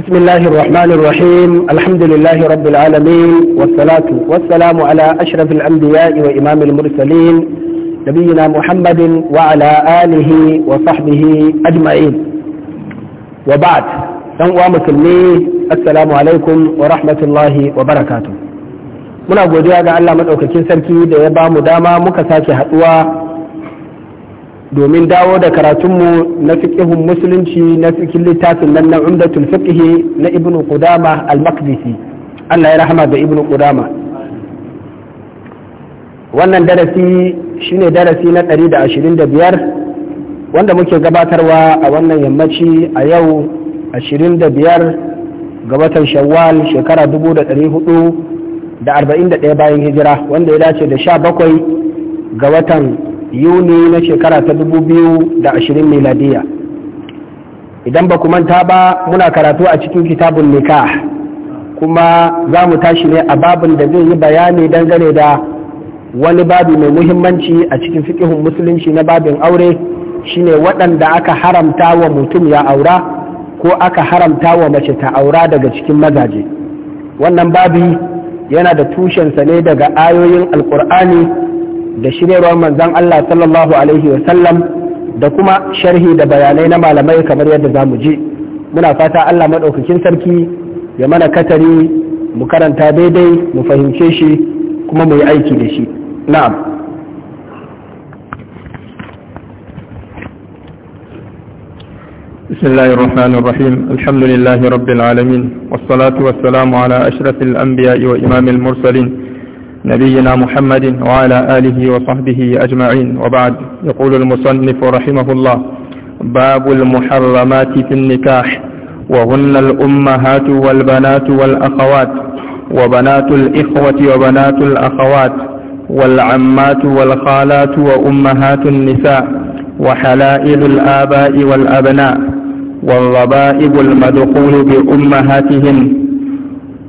بسم الله الرحمن الرحيم الحمد لله رب العالمين والصلاة والسلام على أشرف الأنبياء وإمام المرسلين نبينا محمد وعلى آله وصحبه أجمعين وبعد ɗan musulmi assalamu alaikum wa rahmatullahi wa barakatu muna godiya ga Allah maɗaukakin sarki da ya ba mu dama muka sake haɗuwa domin dawo da karatunmu na fiƙihun musulunci na fikin littafin nan na umdatul na ibnu qudama al-maqdisi Allah ya rahama ga ibnu qudama wannan darasi shine darasi na 125 wanda muke gabatarwa a wannan yammaci a yau 25 ga watan shawwal shekara 1441 bayan hijira wanda ya dace da 17 ga watan yuni na shekara ta dubu biyu da ashirin miladiya idan ba manta ba muna karatu a cikin kitabun nikah kuma za mu tashi ne a babin da zai yi bayani dangane da wani babi mai muhimmanci a cikin fikihun musulunci na babin aure shine waɗanda aka haramta wa mutum ya aura ko aka haramta wa mace ta aura daga cikin mazaje wannan babi yana da tushensa ne daga ayoyin alkur'ani da shiryarwar manzon Allah sallallahu alaihi wa sallam da kuma sharhi da bayanai na malamai kamar yadda za mu je muna fata Allah maɗaukakin sarki ya mana katari mu karanta daidai mu fahimce shi kuma mu yi aiki da shi na'am بسم الله الرحمن الرحيم الحمد لله رب العالمين والصلاة والسلام على أشرف الأنبياء وإمام المرسلين نبينا محمد وعلى آله وصحبه أجمعين وبعد يقول المصنف رحمه الله باب المحرمات في النكاح وهن الأمهات والبنات والأخوات وبنات الإخوة وبنات الأخوات والعمات والخالات وأمهات النساء وحلائل الآباء والأبناء والربائب المدخول بأمهاتهم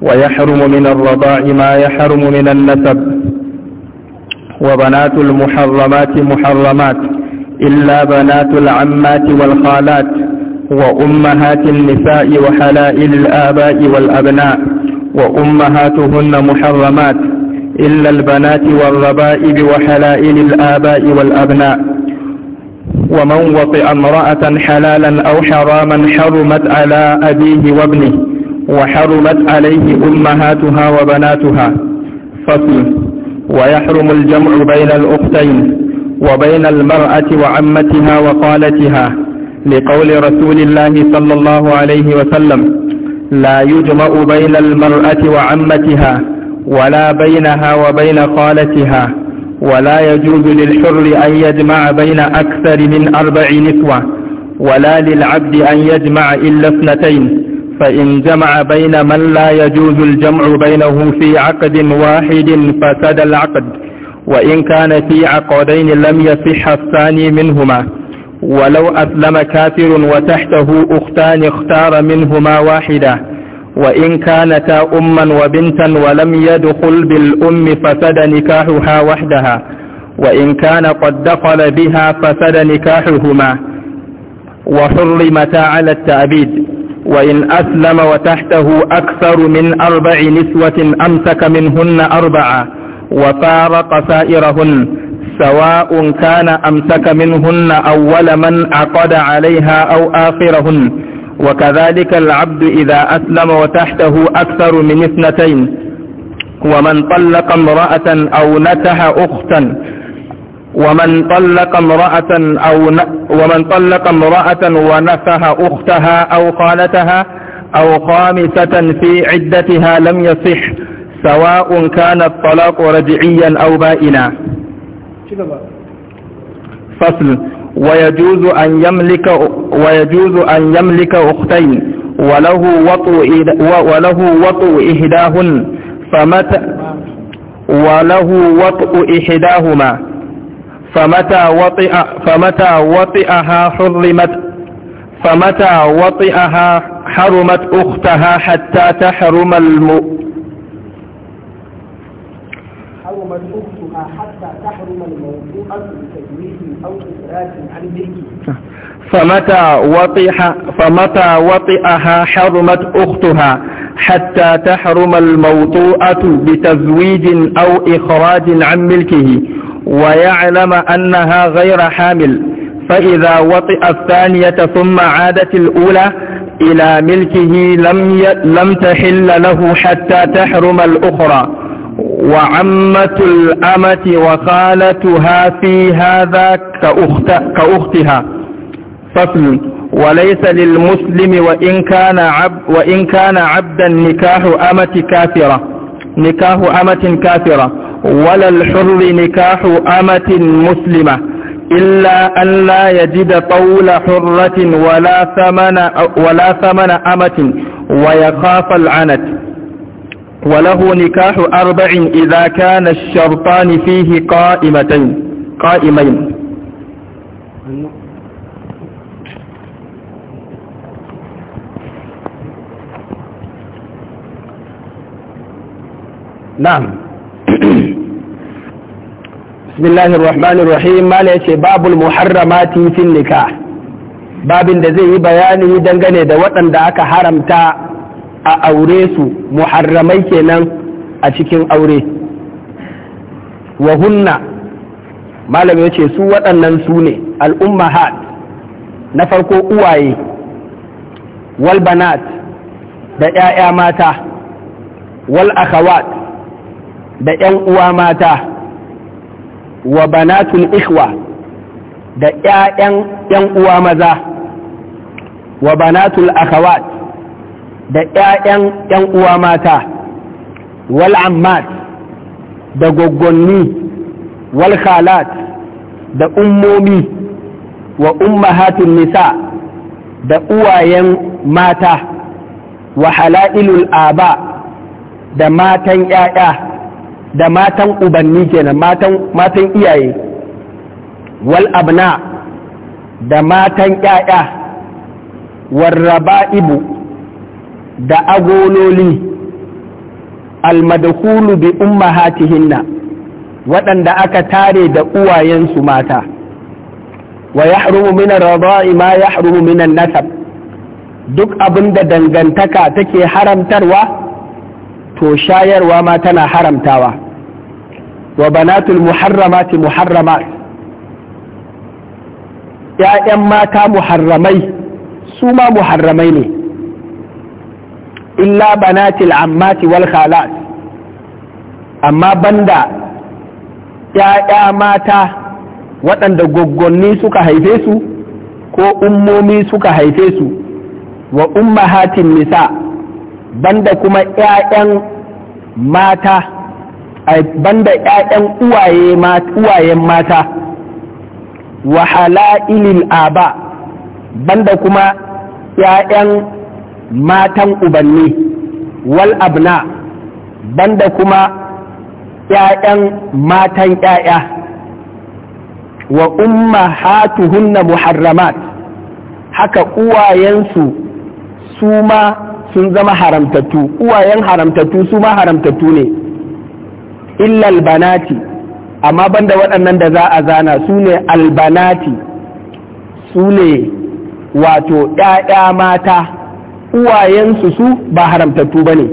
ويحرم من الرضاع ما يحرم من النسب وبنات المحرمات محرمات إلا بنات العمات والخالات وأمهات النساء وحلائل الآباء والأبناء وأمهاتهن محرمات إلا البنات والربائب وحلائل الآباء والأبناء ومن وطئ امرأة حلالا أو حراما حرمت على أبيه وابنه وحرمت عليه أمهاتها وبناتها فصل ويحرم الجمع بين الأختين وبين المرأة وعمتها وقالتها لقول رسول الله صلى الله عليه وسلم لا يجمع بين المرأة وعمتها ولا بينها وبين خالتها ولا يجوز للحر أن يجمع بين أكثر من أربع نسوة ولا للعبد أن يجمع إلا اثنتين فإن جمع بين من لا يجوز الجمع بينه في عقد واحد فسد العقد وإن كان في عقدين لم يصح الثاني منهما ولو أسلم كافر وتحته أختان اختار منهما واحدة وإن كانتا أما وبنتا ولم يدخل بالأم فسد نكاحها وحدها وإن كان قد دخل بها فسد نكاحهما وحرمتا على التأبيد وإن أسلم وتحته أكثر من أربع نسوة أمسك منهن أربعة وفارق سائرهن سواء كان أمسك منهن أول من عقد عليها أو آخرهن وكذلك العبد إذا أسلم وتحته أكثر من اثنتين ومن طلق امرأة أو نتح أختا ومن طلق امرأة أو ن... ومن طلق امرأة ونفها أختها أو خالتها أو خامسة في عدتها لم يصح سواء كان الطلاق رجعيا أو بائنا فصل ويجوز أن يملك ويجوز أن يملك أختين وله وطء وله وطء إحداهن فمتى وله وطء إحداهما فمتى وطئ فمتى وطئها حرمت فمتى وطئها حرمت أختها حتى تحرم الم فمتى وطئها فمتى وطئها حرمت أختها حتى تحرم الموطوءة بتزويج أو إخراج عن ملكه ويعلم أنها غير حامل فإذا وطئ الثانية ثم عادت الأولى إلى ملكه لم, ي... لم تحل له حتى تحرم الأخرى وعمة الأمة وخالتها في هذا كأخت... كأختها فصل وليس للمسلم وإن كان, عب وإن كان عبدا نكاح أمة كافرة نكاح أمة كافرة ولا الحر نكاح أمة مسلمة إلا أن لا يجد طول حرة ولا ثمن, ولا ثمن أمة ويخاف العنت وله نكاح أربع إذا كان الشرطان فيه قائمتين قائمين نعم bismillahir rahmanir rahim mala yace babul muharramati fil nikah babin da zai yi bayani dangane da waɗanda aka haramta a aure su muharramai kenan a cikin aure wa hunna malam yace su waɗannan su ne al'ummahat na farko uwaye walbanat da 'ya'ya mata wal akhawat da 'yan uwa mata wa banatul ikhwa da ƴaƴan ƴan uwa maza wa banatul akhawat da ƴaƴan ƴan uwa mata wal ammat da goggonni wal khalat da ummomi wa ummahatun nisa da uwayen mata wa halailul aba da matan ƴaƴa da matan ubanni kenan matan matan iyaye wal abna da matan ƴaƴa warraba'ibu da agololi almadkhulu bi ummahatihinna waɗanda aka tare da uwayensu mata wa yahrumu min ar-rada'i ma yahrumu min an-nasab duk abinda dangantaka take haramtarwa to shayarwa ma tana haramtawa wa banatul muharramati muharramat ‘ya'yan mata muharramai su ma muharramai ne illa banatil ammati wal khalat amma banda ‘ya'ya mata waɗanda gwaggwanni suka haife su ko ummomi suka haife su wa ummahatin nisa' banda kuma ‘ya'yan mata banda ‘ya'yan uwayen mata wa hala'ilil aba banda kuma ‘ya'yan matan ubanni wal abna banda kuma ‘ya'yan matan ‘ya'ya wa umma hatuhunna muharramat haka uwayensu su ma sun zama haramtattu uwayen haramtattu su ma haramtattu ne illal banati amma banda waɗannan da za a zana su ne albanati su ne wato ‘ya'ya mata uwayensu su ba haramtattu ba ne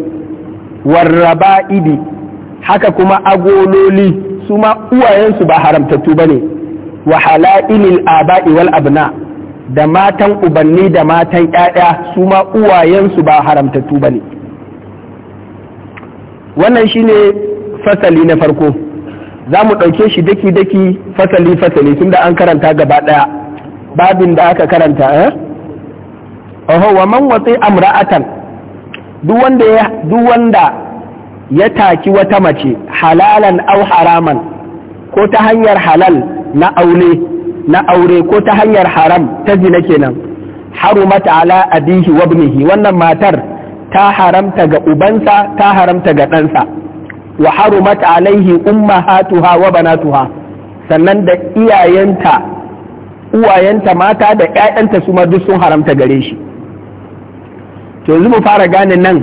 warraba idi haka kuma agololi su ma uwayensu ba haramtattu ba ne wa hala'ilil aba'i wal abna da matan ubanni da matan ‘ya'ya su ma uwayensu ba haramtattu ba ne wannan shi ne fasali na farko za mu ɗauke shi daki-daki fasali-fasali tun da an karanta gaba ɗaya babin da aka karanta eh? oho wa man watsi amra'atan duk wanda ya taki wata mace halalan au haraman ko ta hanyar halal na aule. na aure ko ta hanyar haram ta zina kenan harumat ala abihi wa ibnihi wannan matar ta haramta ga ubansa ta haramta ga ɗansa wa harumat alaihi ummahatuha wa banatuha sannan da iyayenta uwayenta mata da ƴaƴanta su ma duk sun haramta gare shi to yanzu mu fara gane nan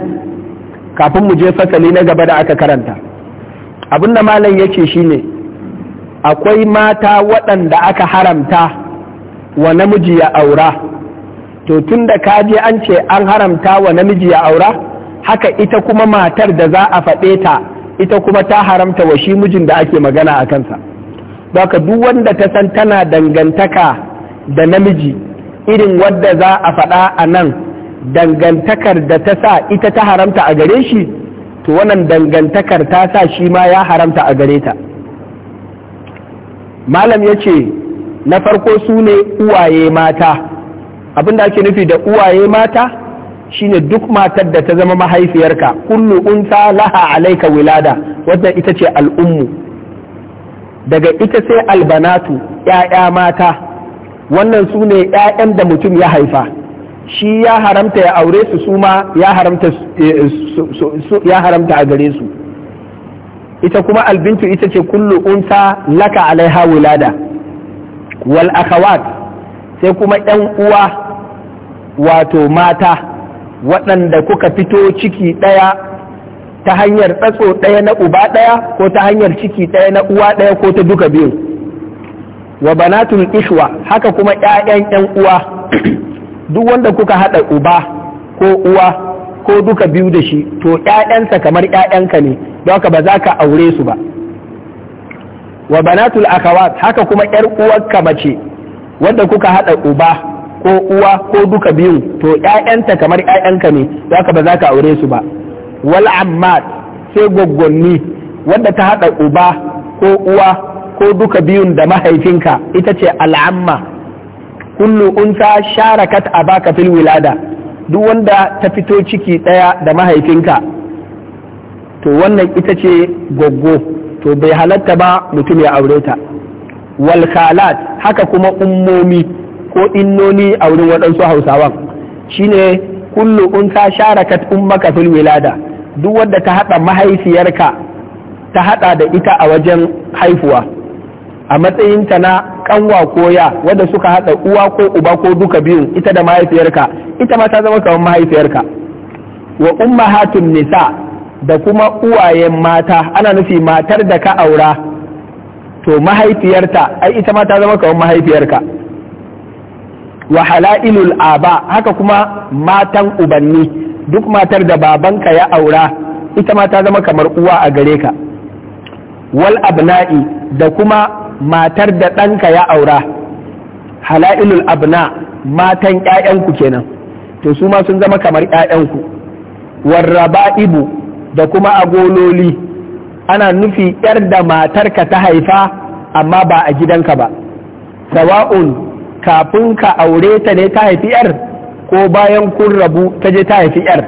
kafin mu je fasali na gaba da aka karanta abinda malam yake shine akwai mata waɗanda aka haramta wa namiji ya aura to tun da kaji an ce an haramta wa namiji ya aura haka ita kuma matar da za a faɗe ta ita kuma ta haramta wa shi mijin da ake magana a kansa baka duk wanda ta san tana dangantaka da namiji irin wadda za a faɗa a nan dangantakar da ta sa ita ta haramta a gare shi to wannan dangantakar ta sa shi ma ya haramta a gare ta malam ya ce na farko su ne uwaye mata abinda ake nufi da uwaye mata shine duk matar da ta zama mahaifiyarka kullu unta laha alaika wilada wannan ita ce al'ummu daga ita sai albanatu ‘ya'ya mata wannan su ne ‘ya'yan da mutum ya haifa shi ya haramta ya aure su su ma ya haramta eh, a gare su ita kuma albintu ita ce kullu unsa laka alaiha wulada wal akhawat sai kuma yan uwa wato mata waɗanda kuka fito ciki ɗaya ta hanyar tsatso ɗaya na uba ɗaya ko ta hanyar ciki ɗaya na uwa ɗaya ko ta duka biyu wa banatul ishwa haka kuma ƴaƴan 'yan uwa duk wanda kuka haɗa uba ko uwa ko duka biyu da shi to ƴaƴansa kamar ƴaƴanka ne don haka ba za ka aure su ba wa banatul akhawat haka kuma ƴar uwarka mace wanda kuka hada uba ko uwa ko duka biyu to ƴaƴanta kamar ƴaƴanka ne don haka ba za ka aure su ba wal ammat sai gwaggwanni wanda ta hada uba ko uwa ko duka biyun da mahaifinka ita ce al'amma kullu unsa sharakat abaka fil wilada duk wanda ta fito ciki ɗaya da mahaifinka to wannan ita ce goggo to bai halatta ba mutum ya aure ta wal khalat haka kuma ummomi ko innoni a wurin waɗansu hausawan shine kullu unta sharakat ummaka fil wilada duk wanda ta haɗa mahaifiyarka ta haɗa da ita a wajen haifuwa a matsayinta na kanwa ko ya wanda suka haɗa uwa ko uba ko duka biyun ita da mahaifiyarka ita ma ta zama kamar mahaifiyarka wa ummahatun nisa da kuma uwayen mata ana nufi matar da ka aura to mahaifiyarta ai ita ma ta zama kamar mahaifiyarka wa halailul aba haka kuma matan ubanni duk matar da babanka ya aura ita ma ta zama kamar uwa a gare ka wal abna'i da kuma matar da ɗanka ya aura hala'ilul abna matan ya'yanku kenan to su ma sun zama kamar 'yayanku ƴaƴanku Ibu da kuma agololi ana nufi yar da matarka ta haifa amma ba a gidanka ba sawa'un kafin ka aure ta ne ta haifi ƴar ko bayan kun rabu ta je ta haifi ƴar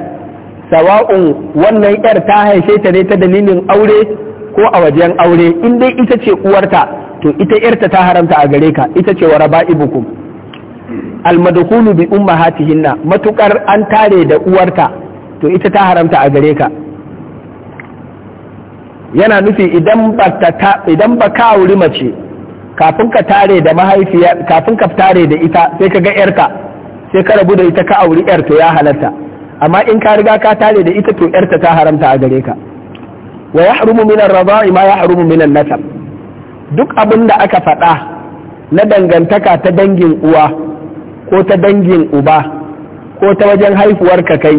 sawa'un wannan yar ta haife ta ne ta dalilin aure ko a wajen aure in dai ita ce uwarta to ita irta ta haramta a gare ka ita ce wa raba'ibukum almadkhulu bi ummahatihinna matukar an tare da uwarta to ita ta haramta a gare ka yana nufi idan ba ta idan ba ka auri mace kafin ka tare da mahaifiya kafin ka tare da ita sai ka ga yarka sai ka rabu da ita ka auri yar to ya halatta amma in ka riga ka tare da ita to yarta ta haramta a gare ka wa yahrumu min ar-rada'i ma yahrumu min an-nasab duk abin da aka faɗa na dangantaka ta dangin uwa ko ta dangin uba ko ta wajen haifuwar ka kai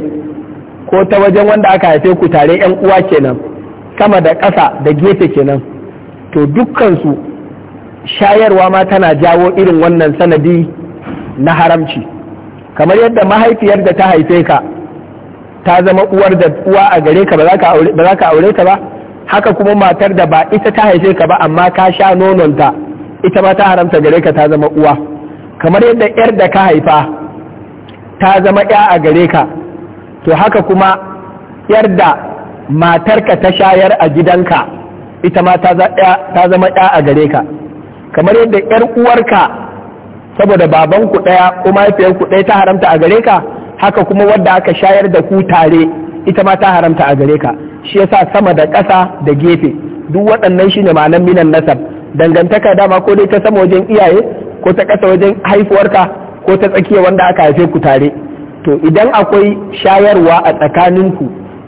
ko ta wajen wanda aka haife ku tare yan uwa kenan sama da ƙasa da gefe kenan to dukkansu shayarwa ma tana jawo irin wannan sanadi na haramci kamar yadda mahaifiyar da ta haife ka ta zama uwar da uwa a gare ka ba za ka aure ta ba haka kuma matar da ba ita ta haife ka ba amma ka sha nononta ita ma ta haramta gare ka ta zama uwa kamar yadda yar da ka haifa ta zama ya a gare ka to haka kuma yar da matarka ta shayar a gidanka ita ma ta zama ya a gare ka kamar yadda yar uwarka saboda baban ku ɗaya kuma ku ɗaya ta haramta a gare ka haka kuma wadda aka shayar da ku tare ita ma ta haramta a gare ka shi yasa sama da ƙasa da gefe duk waɗannan shi ne ma'anan minan nasab dangantaka dama ko dai ta sama wajen iyaye ko ta ƙasa wajen haifuwarka ko ta tsakiya wanda aka haife ku tare to idan akwai shayarwa a tsakaninku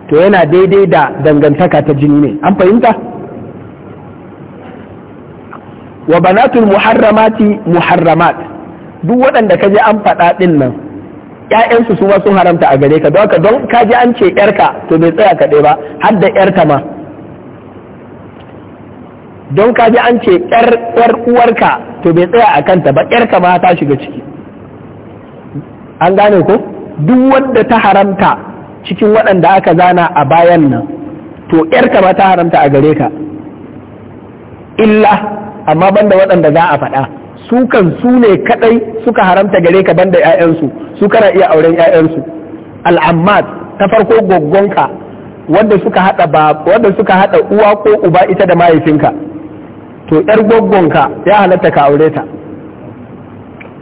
to yana daidai da dangantaka ta jini ne an fahimta wa banatul muharramati muharramat duk waɗanda ka je an faɗa ɗin nan ƴaƴansu su ma sun haramta a gare ka don ka don ka ji an ce ƴarka to bai tsaya kaɗai ba har da ƴarka ma don ka ji an ce ƴar uwarka to bai tsaya a kanta ba ƴarka ma ta shiga ciki an gane ko duk wanda ta haramta cikin waɗanda aka zana a bayan nan to ƴarka ma ta haramta a gare ka illa amma banda waɗanda za a faɗa su kan su ne kadai suka haramta gare ka banda ƴaƴansu su kana iya auren ƴaƴansu al'ammat ta farko goggonka wanda suka hada ba wanda suka hada uwa ko uba ita da mahaifinka to ƴar goggonka ya halatta ka aure ta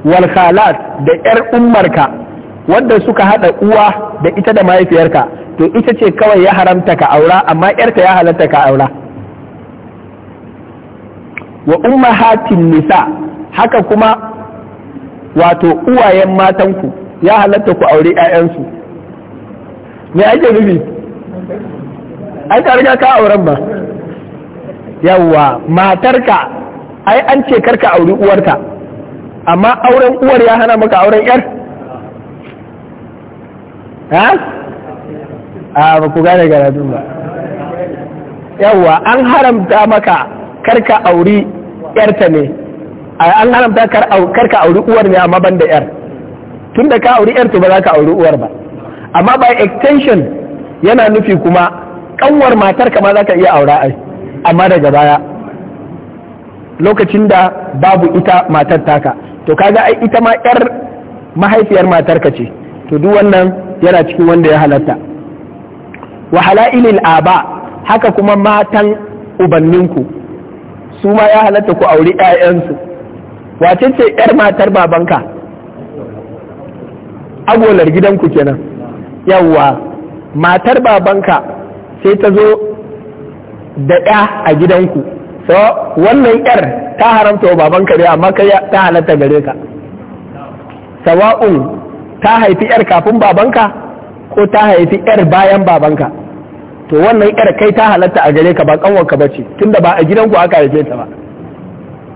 wal khalat da ƴar ummarka wanda suka hada uwa da ita da mahaifiyarka to ita ce kawai ya haramta ka aura amma ƴarta ya halatta ka aura wa ummahatin nisa haka kuma wato uwayen matanku ya halatta ku aure 'ya'yansu me ake nufi ai ka riga ka auren ba yawwa matarka ai an ce karka auri uwarka amma auren uwar ya hana maka auren yar ha a ba ku gane garadun ba yawwa an haramta maka karka auri yarta ne an haramta kar ka auri uwar ne amma ban da yar tun da ka auri yar to ba za ka auri uwar ba amma ba extension yana nufi kuma kanwar matar kama za ka iya aura ai amma daga baya lokacin da babu ita matar taka to kaga ai ita ma yar mahaifiyar matarka ce to duk wannan yana cikin wanda ya halatta wa halailil aba haka kuma matan ubanninku su ma ya halatta ku auri 'ya'yansu wace ce yar matar babanka agolar gidanku kenan yawwa matar babanka sai ta zo da ɗa a gidanku so wannan yar ta haramta wa babanka ne amma kai ta halatta gare ka sawa'un ta haifi yar kafin babanka ko ta haifi yar bayan babanka to wannan yar kai ta halatta a gare ka ba kanwanka ba ce tunda ba a gidanku aka haife ta ba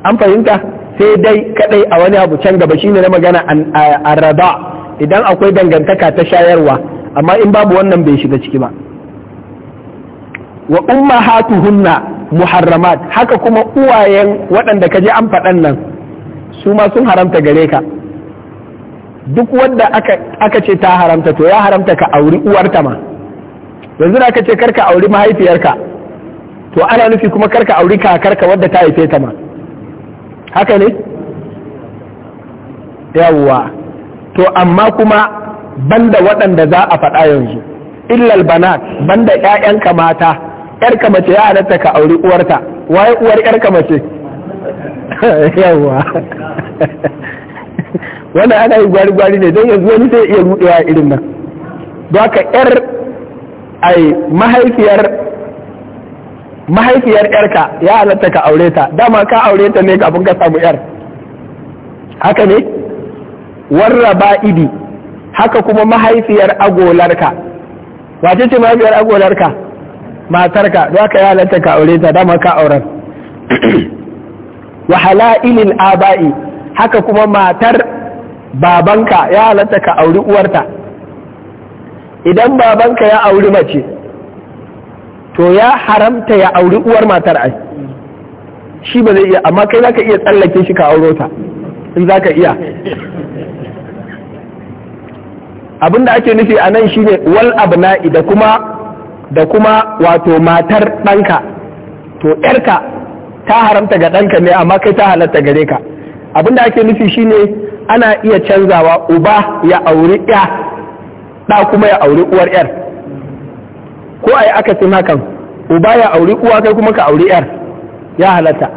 an fahimta sai dai kadai a wani abu can gaba shine na magana araba idan akwai dangantaka ta shayarwa amma in babu wannan bai shiga ciki ba wa ummahatuhunna muharramat haka kuma uwayen waɗanda kaje an faɗan nan su ma sun haramta gare ka duk wanda aka ce ta haramta to ya haramta ka auri uwarta ma yanzu da aka ce karka auri mahaifiyarka to ana nufi kuma karka auri kakarka wadda ta haife ta ma haka ne yawwa to amma kuma banda waɗanda za a faɗa yanzu illal banat banda ƴaƴanka mata ƴar mace ya halatta ka auri uwarta waye uwar ƴar mace yawwa wannan ana yi gwari-gwari ne don yanzu wani zai iya rudewa irin nan don haka ƴar ai mahaifiyar mahaifiyar yarka ya halatta ka aure ta dama ka aure ta ne kafin ka samu yar haka ne warraba idi haka kuma mahaifiyar agolarka wace ce mahaifiyar agolarka matarka don haka ya halatta ka aure ta dama ka auren wa halailin aba'i haka kuma matar babanka ya halatta ka auri uwarta idan babanka ya auri mace to ya haramta ya auri uwar matar ai shi ba zai iya amma kai zaka iya tsallake shi ka auro ta in zaka iya abin da ake nufi a nan shine wal abna'i da kuma da kuma wato matar ɗanka to ƴarka ta haramta ga ɗanka ne amma kai ta halarta gare ka abin da ake nufi shine ana iya canzawa uba ya auri ɗa ɗa kuma ya auri uwar ƴar ko a yi akasin hakan uba ya auri uwa kai kuma ka auri yar ya halatta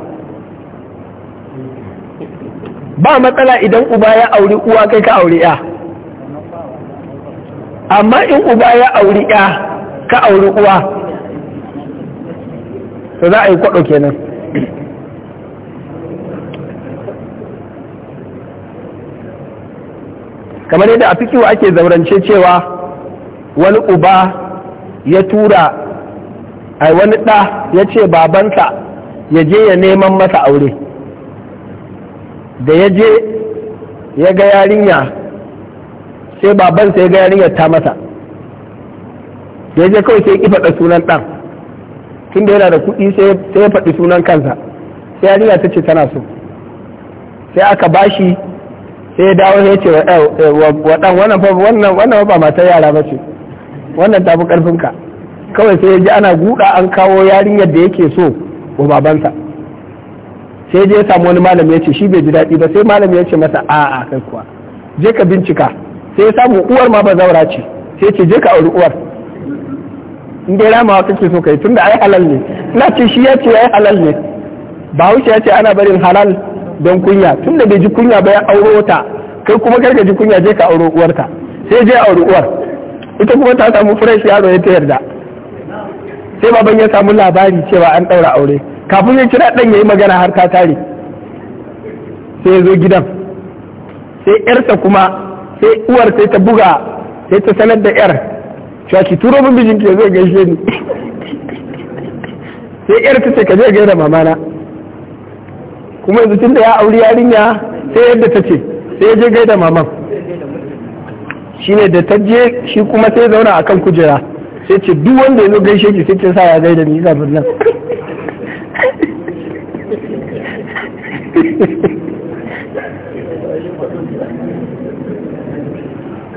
ba matsala idan uba ya auri uwa kai ka auri ya amma in uba ya auri ya ka auri uwa to za a yi kwaɗo kenan kamar yadda a fikiwa ake zaurance cewa wani uba ya tura ai wani ɗa ya ce babansa ya je ya neman masa aure da ya je ya ga yarinya sai babansa ya ga yarinyar ta masa da ya je kawai sai ya faɗa sunan ɗan tun da yana da kuɗi sai ya faɗi sunan kansa sai yarinya ta ce tana so sai aka bashi sai ya dawo ya ce wa eh, ɗan wannan ba mata yara ba ce wannan tafi karfinka kawai sai ya ji ana guda an kawo yarinyar da yake so wa babansa sai je ya samu wani malami ya ce shi bai ji daɗi ba sai malami ya ce masa a'a kai kuwa je ka bincika sai ya samu uwar ma ba zaura ce sai ce je ka auri uwar in dai ramawa kake so kai tunda ai halal ne na ce shi ya ce ai halal ne bahaushe ya ce ana barin halal don kunya tunda bai ji kunya ba ya auro ta kai kuma kai ka ji kunya je ka auro uwarta sai je auri uwar ita kuma ta samu fresh yaro ya ta yarda sai baban ya samu labari cewa an ɗaura aure kafin ya kira ɗan ya yi magana har ta tare sai ya zo gidan sai yarsa kuma sai uwar sai ta buga sai ta sanar da yar cewa ki turo min mijinki ya zo gaishe ni sai yar ta ce ka je gaida mamana kuma yanzu tun da ya auri yarinya sai yadda ta ce sai ya je gaida maman shine da ta je shi kuma sai zauna akan kujera sai ce duk wanda ya zo gaishe ki sai sa ya zai ni nisa nan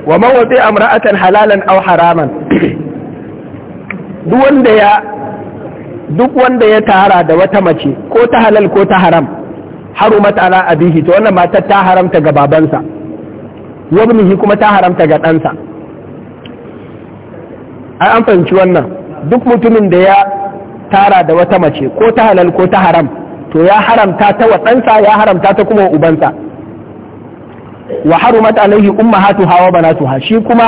wa man wati amra'atan halalan aw haraman duk wanda ya tara da wata mace ko ta halal ko ta haram harumat ala abihi to wannan matar ta haramta ga babansa wabnihi kuma ta haramta ga ɗansa a an fahimci wannan duk mutumin da ya tara da wata mace ko ta halal ko ta haram to ya haramta ta wa ɗansa ya haramta ta kuma ubansa wa harumat alaihi bana su ha shi kuma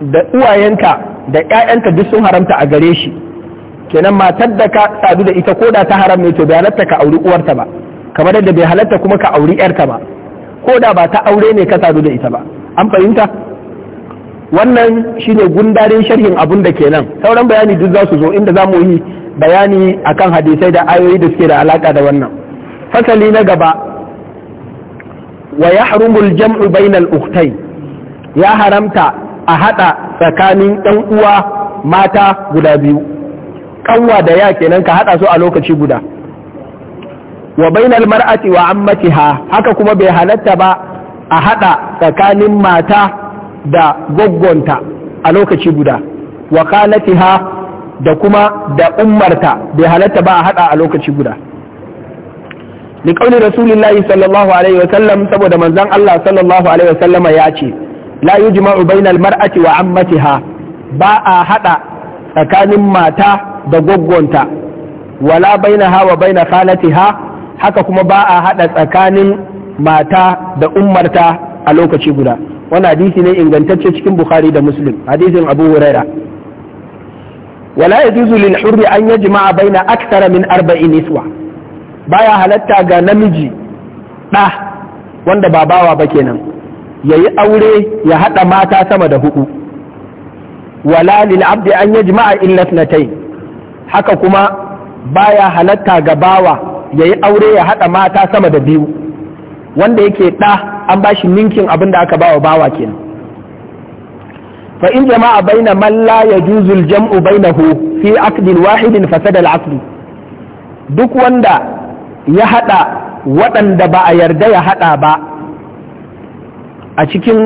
da uwayenta da ƴaƴanta duk sun haramta a gare shi kenan matar da ka sadu da ita ko da ta haram ne to bai halatta ka auri uwarta ba kamar da bai halatta kuma ka auri ƴarta ba ko da ba ta aure ne ka sadu da ita ba an fahimta wannan shine gundarin sharhin abun da kenan sauran bayani duk za su zo inda za mu yi bayani akan hadisai da ayoyi da suke da alaka da wannan fasali na gaba wa jam'u bainal ukhtayn ya haramta a hada tsakanin ɗan uwa mata guda biyu kanwa da ya kenan ka hada su a lokaci guda wa bainal mar'ati wa ammatiha haka kuma bai halatta ba a hada tsakanin mata da gwaggonta a lokaci guda wa qalatiha da kuma da ummarta bai halatta ba a hada a lokaci guda liƙaunin rasulillahi sallallahu alaihi wa sallam saboda manzan Allah sallallahu alaihi wa sallama ya ce la jima'u bainal mar'ati wa ammatiha ba a hada tsakanin mata da goggonta wala bainaha wa baina khalatiha haka kuma ba a haɗa tsakanin mata da ummarta a lokaci guda wani hadisi ne ingantacce cikin bukhari da muslim hadisin abu huraira wala yajuzu lil hurri an yajma'a baina akthara min arba'in niswa baya halatta ga namiji ɗa wanda ba bawa ba kenan yayi aure ya haɗa mata sama da hudu wala lil abdi an yajma'a illa haka kuma baya halatta ga bawa ya yi aure ya haɗa mata sama da biyu wanda yake ɗa an ba shi ninkin abin da aka bawa bawa kenan fa in jama'a baina man la yajuzu jamu bainahu fi aqdin wahidin fasada al duk wanda ya haɗa waɗanda ba a yarda ya haɗa ba a cikin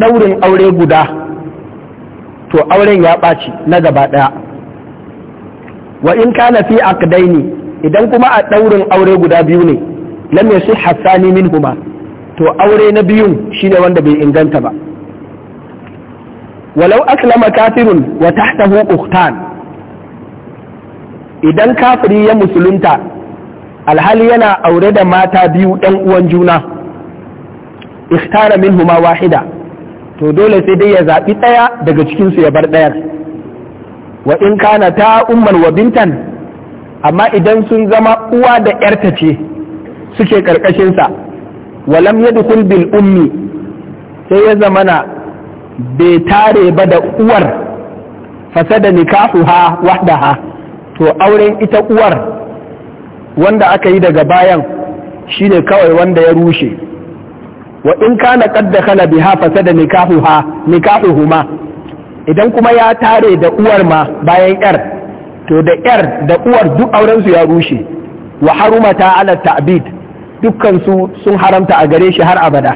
ɗaurin aure guda to auren ya ɓaci na gaba ɗaya wa in kana fi aqdaini idan kuma a ɗaurin aure guda biyu ne lam yasu hasani min to aure na biyun ne wanda bai inganta ba walau aslama kafirun wa tahtahu uktan. idan kafiri ya musulunta alhali yana aure da mata biyu ɗan uwan juna ikhtara minhuma wahida to dole sai dai ya zaɓi ɗaya daga cikinsu ya bar ɗayar wa in kana ta umman wa bintan amma idan sun zama uwa da yarta ce suke ƙarƙashinsa walam yadkhul bil ummi sai ya zama na bai tare ba da uwar fasada nikahuha wahdaha to auren ita uwar wanda aka yi daga bayan shine kawai wanda ya rushe wa in kana qad dakhala biha fasada nikahuha nikahuhuma idan kuma ya tare da uwar ma bayan yar to da yar da uwar duk aurensu ya rushe wa harumata ala ta'bid dukkan su sun haramta a gare shi har abada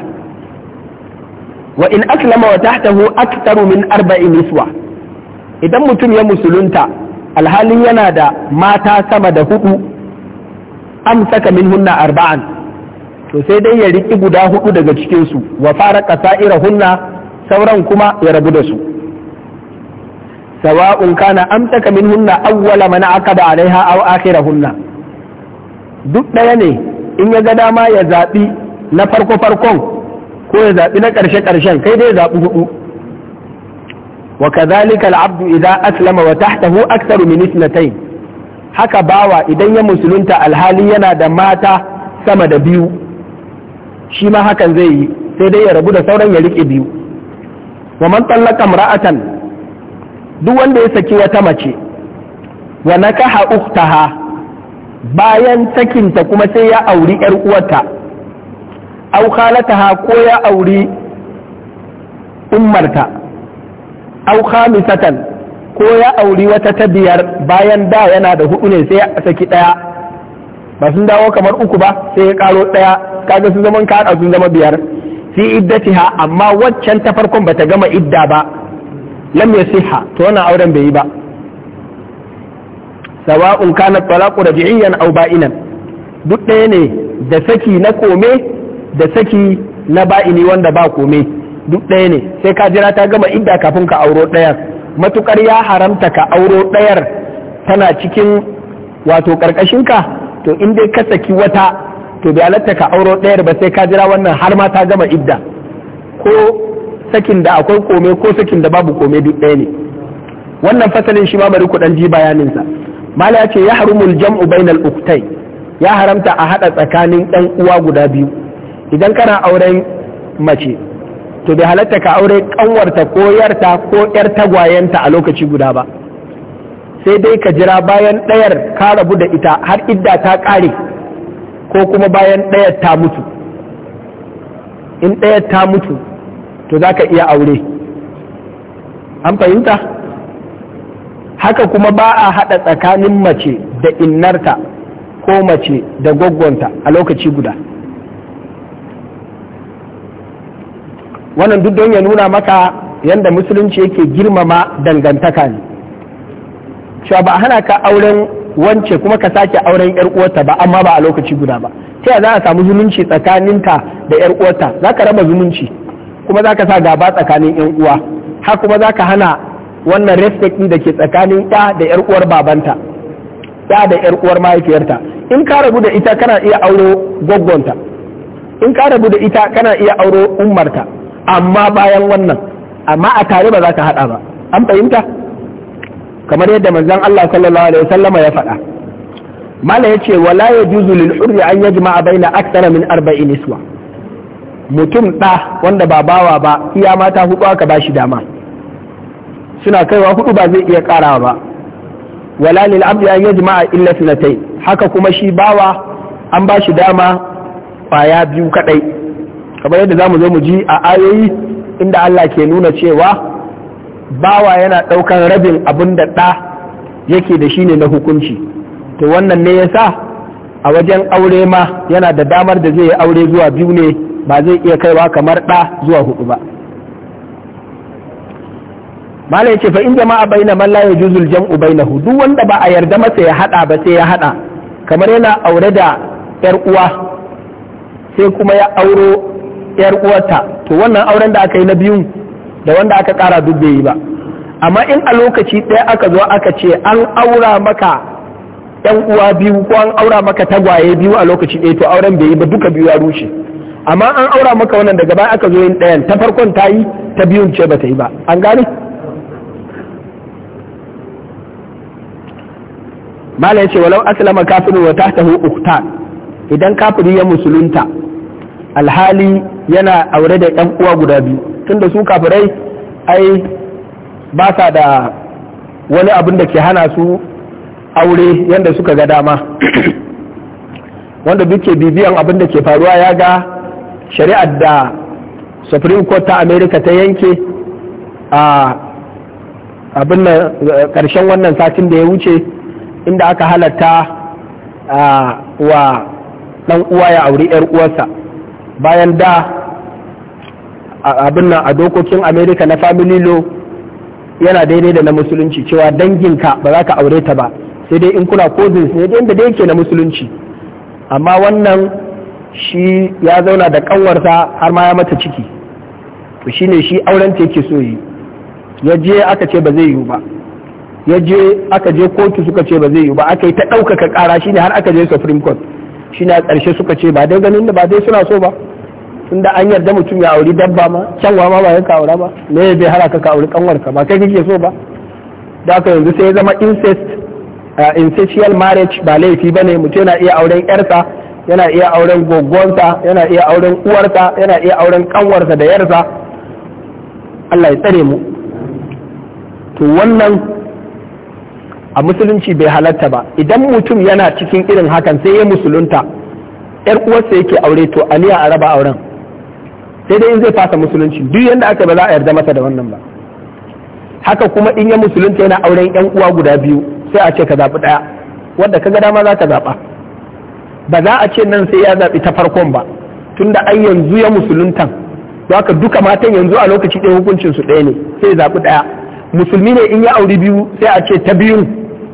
wa in aslama wa tahtahu aktaru min arba'in niswa idan mutum ya musulunta alhalin yana da mata sama da hudu amsaka min hunna arba'an to sai dai ya riƙi guda hudu daga cikin su wa fara ira hunna sauran kuma ya rabu da su sawa'un kana amsaka minhunna awwala man aqada alaiha akira akhirahunna duk ɗaya ne in ya ga dama ya zaɓi na farko farkon ko ya zaɓi na ƙarshe karshen kai dai zaɓi hudu wa kadhalika al-abdu idza aslama wa tahtahu aktharu min ithnatayn haka bawa idan ya musulunta alhali yana da mata sama da biyu shi ma hakan zai yi sai dai ya rabu da sauran ya rike biyu wa man mura'atan. imra'atan duk wanda ya saki wata mace wa nakaha uktaha bayan sakinta kuma sai ya auri yar uwarta aw khalataha ko ya auri ummarta aw khamisatan ko ya auri wata ta biyar bayan da yana da hudu ne sai ya saki ɗaya. ba sun dawo kamar uku ba sai ya karo daya kaga sun zaman kada sun zama biyar fi iddatiha amma waccan ta farkon bata gama idda ba lam siha to wannan auren bai yi ba sawa'un kana talaqu raj'iyan aw ba'inan duk ɗaya ne da saki na kome da saki na ba'ini wanda ba kome duk ɗaya ne sai ka jira ta gama idda kafin ka auro ɗayar matukar ya haramta ka auro ɗayar tana cikin wato ka to in dai ka saki wata to bai halatta ka auro ɗayar ba sai ka jira wannan har ma ta gama idda ko sakin da akwai kome ko sakin da babu kome duk ɗaya ne wannan fasalin shi ma bari ku dan ji bayanin sa mala ce ya harumul jam'u bainal uktai ya haramta a hada tsakanin ɗan uwa guda biyu idan kana auren mace to bai halatta ka aure kanwarta ko yarta ko yar tagwayenta a lokaci guda ba sai dai ka jira bayan ɗayar ka rabu da ita har idda ta ƙare ko kuma bayan ɗayar ta mutu in ɗayar ta mutu to za ka iya aure an fahimta haka kuma ba a haɗa tsakanin mace da innarta ko mace da gwaggonta a lokaci guda wannan duk don ya nuna maka yadda musulunci yake girmama dangantaka ne cewa ba hana ka auren wance kuma ka sake auren yar uwarta ba amma ba a lokaci guda ba ta za a samu zumunci tsakaninta da yar uwarta za ka raba zumunci kuma za ka sa gaba tsakanin yan uwa har kuma za ka hana wannan respect da ke tsakanin ya da yar uwar babanta ya da yar uwar mahaifiyarta in ka rabu da ita kana iya auro gwaggonta in ka rabu da ita kana iya auro ummarta amma bayan wannan amma a tare ba za ka haɗa ba an fahimta kamar yadda manzon Allah sallallahu alaihi wasallama ya faɗa mala yace wala yajuzu lil hurri an yajma'a baina aktsara min arba'in niswa mutum ɗa wanda ba bawa ba iya mata hudu aka ba shi dama suna kaiwa hudu ba zai iya karawa ba wala lil abdi an illa sinatai haka kuma shi bawa an ba shi dama kwaya biyu kadai kamar yadda zamu zo mu ji a ayoyi inda Allah ke nuna cewa bawa yana daukan rabin abin da ɗa yake da shi ne na hukunci to wannan ne yasa a wajen aure ma yana da damar da zai yi aure zuwa biyu ne ba zai iya kaiwa kamar ɗa zuwa hudu ba mala ya ce fa in jama'a baina man la yajuzul jam'u hu. duk wanda ba a yarda masa ya haɗa ba sai ya haɗa, kamar yana aure da yar uwa sai kuma ya auro yar uwarta to wannan auren da aka yi na biyu da wanda aka kara duk bai yi ba amma in a lokaci ɗaya aka zo aka ce an aura maka yan uwa biyu ko an aura maka tagwaye biyu a lokaci ɗaya to auren bai yi ba duka biyu ya rushe amma an aura maka wannan daga baya aka zo yin ɗayan ta farkon ta yi ta biyun ce bata yi ba an gane mala ya ce walau aslama kafirin wa ta ta idan kafiri ya musulunta alhali yana aure da yan uwa guda biyu tunda su kafirai ai ba sa da wani abin da ke hana su aure yadda suka ga dama wanda duk bibiyan abin da ke faruwa ya ga shari'ar da supreme court ta america ta yanke a abin da karshen wannan satin da ya wuce inda aka halatta wa dan uwa ya auri yar uwarsa bayan da abin nan a dokokin america na family law yana daidai da na musulunci cewa danginka ba za ka aure ta ba sai dai in kuna cousins ne dai yadda da yake na musulunci amma wannan shi ya zauna da kanwarsa har ma ya mata ciki to shine shi auren ta yake so yi ya je aka ce ba zai yiwu ba ya je aka je kotu suka ce ba zai yiwu ba aka yi ta ɗaukaka ƙara shine har aka je supreme court shine a ƙarshe suka ce ba dai ganin ba dai suna so ba tunda an yarda mutum ya auri dabba ma canwa ma ba ya ka aura ba me ya bai aka ka auri kanwarka ba kai kake so ba da aka yanzu sai ya zama incest uh, incestual marriage ba laifi bane mutum yana iya auren yarsa yana iya auren gogonsa yana iya auren uwarsa yana iya auren kanwarsa da yarsa Allah ya tsare mu to wannan a musulunci bai halatta ba idan mutum yana cikin irin hakan sai ya musulunta yar uwarsa yake aure to aniya a raba auren sai dai in zai fasa musulunci duk yadda aka ba za a yarda masa da wannan ba haka kuma in ya musulunta yana auren yan uwa guda biyu sai a ce ka zaɓi ɗaya wanda ka ga dama za ka zaɓa ba za a ce nan sai ya zaɓi ta farkon ba tunda ai yanzu ya musuluntan haka duka matan yanzu a lokaci ɗaya hukuncin su ɗaya ne sai zaɓi ɗaya musulmi ne in ya auri biyu sai a ce ta biyun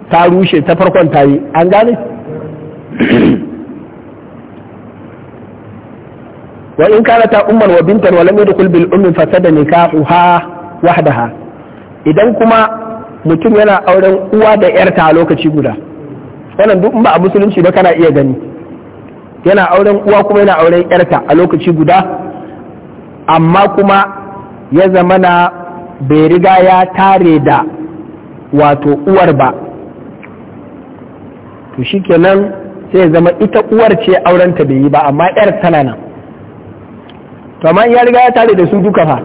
ta rushe ta farkon ta yi an gane wa in kana ta umman wa bintan wa lam yadkhul bil ummi fasada nikahuha wahdaha idan kuma mutum yana auren uwa da yarta a lokaci guda wannan duk ba a musulunci ba kana iya gani yana auren uwa kuma yana auren yarta a lokaci guda amma kuma ya zamana bai riga ya tare da wato uwar ba to shikenan sai zama ita uwar ce aurenta bai yi ba amma yar tana nan to amma ya riga ya tare da su duka fa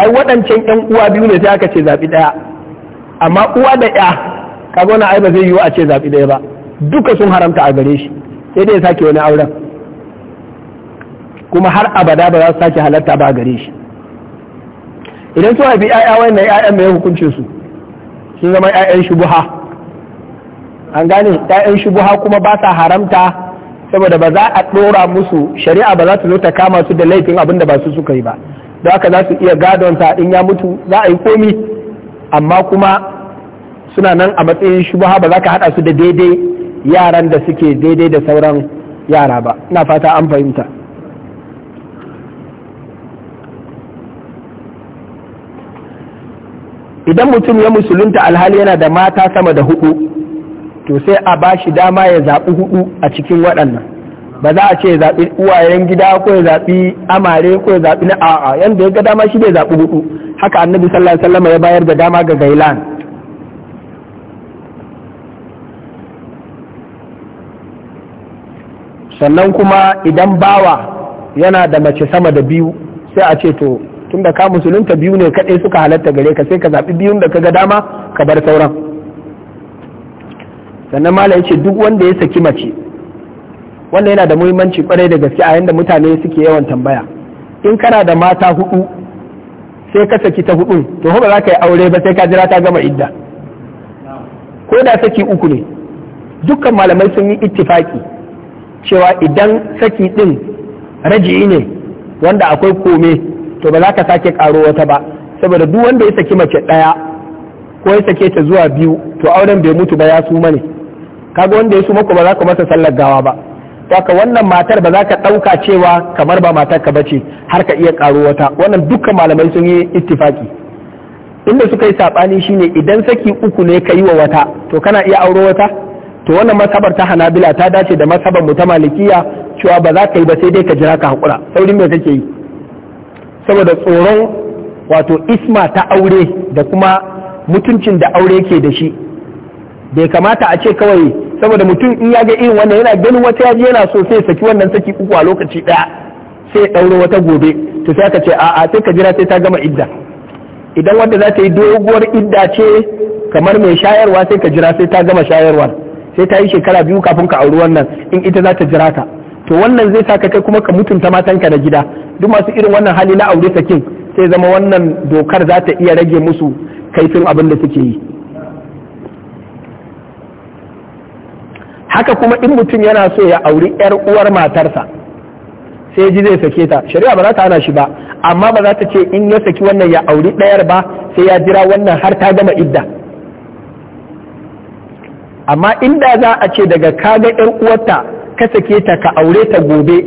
ai waɗancan yan uwa biyu ne sai aka ce zaɓi ɗaya amma uwa da ya kaga wani ai ba zai yiwu a ce zaɓi ɗaya ba duka sun haramta a gare shi sai dai ya sake wani auren kuma har abada ba za su sake halarta ba gare shi idan su haifi 'ya'ya wannan 'ya'yan mai hukuncin su sun zama 'ya'yan shubuha an gane 'ya'yan shubuha kuma ba sa haramta saboda ba za a ɗora musu shari'a ba za su zo ta kama su da laifin abin da ba su suka yi ba don haka za su iya gadonsa in ya mutu za a yi komi amma kuma suna nan a matsayin shubuha ba za ka haɗa su da daidai yaran da suke daidai da sauran yara ba na fata an fahimta idan mutum ya musulunta alhali yana da mata sama da hudu to sai a ba shi dama ya zaɓi hudu a cikin waɗannan ba za a ce zaɓi uwayen gida ko ya zaɓi amare ko ya zaɓi na a'a yanda ya ga dama shi bai zaɓi hudu haka annabi sallallahu alaihi wasallam ya bayar da dama ga gailan sannan kuma idan bawa yana da mace sama da biyu sai a ce to tunda ka musulunta biyu ne kaɗai suka halatta gare ka sai ka zaɓi biyun da ka ga dama ka bar sauran sannan mala ya ce duk wanda ya saki mace wanda yana da muhimmanci kwarai da gaske a yadda mutane suke yawan tambaya in kana da mata hudu sai ka saki ta hudun to ba za ka yi aure ba sai ka jira ta gama idda ko da saki uku ne dukkan malamai sun yi ittifaki cewa idan saki ɗin raji'i ne wanda akwai kome to ba za ka sake ƙaro wata ba saboda duk wanda ya saki mace ɗaya ko ya sake ta zuwa biyu to auren bai mutu ba ya suma ne kaga wanda ya su mako ba za ka masa sallar gawa ba To haka wannan matar ba za ka ɗauka cewa kamar ba matar ka bace har ka iya ƙaro wata wannan dukkan malamai sun yi ittifaki inda suka yi saɓani shine idan saki uku ne ka yi wa wata to kana iya aure wata to wannan masabar ta hanabila ta dace da masabar mu ta malikiya cewa ba za ka yi ba sai dai ka jira ka hakura saurin me kake yi saboda tsoron wato isma ta aure da kuma mutuncin da aure ke da shi bai kamata a ce kawai saboda mutum in ya ga irin wannan yana ganin wata yaji yana so sai saki wannan saki uku a lokaci daya sai ya ɗauro wata gobe to sai ka ce a'a sai ka jira sai ta gama idda idan wanda za ta yi doguwar idda ce kamar mai shayarwa sai ka jira sai ta gama shayarwa sai ta yi shekara biyu kafin ka auri wannan in ita za ta jira ka to wannan zai sa ka kai kuma ka mutunta matanka na gida duk masu irin wannan hali na aure sakin sai zama wannan dokar za ta iya rage musu kaifin abin da suke yi haka kuma in mutum yana so ya auri 'yar uwar matarsa sai ji zai sake ta shari'a ba za ta hana shi ba amma ba za ta ce in ya saki wannan ya auri ɗayar ba sai ya jira wannan har ta gama idda amma inda za a ce daga kaga yar uwarta ka sake ta ka aure ta gobe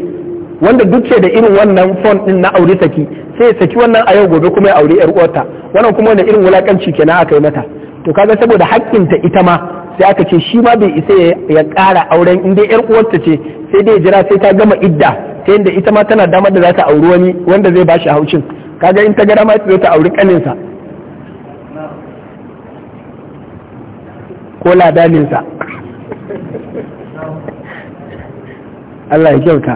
wanda duk ce da irin wannan fon din na aure saki sai ya saki wannan a yau gobe kuma ya aure yar uwarta wannan kuma wanda irin wulakanci kenan aka yi mata to kaga saboda ta ita ma sai aka ce shi ma bai isa ya ƙara auren in dai yar uwarta ce sai dai jira sai ta gama idda ta yadda ita ma tana damar da za ta auri wani wanda zai ba shi haucin kaga in ta gara ma ta auri kaninsa ko ladaninsa Allah ya kyauta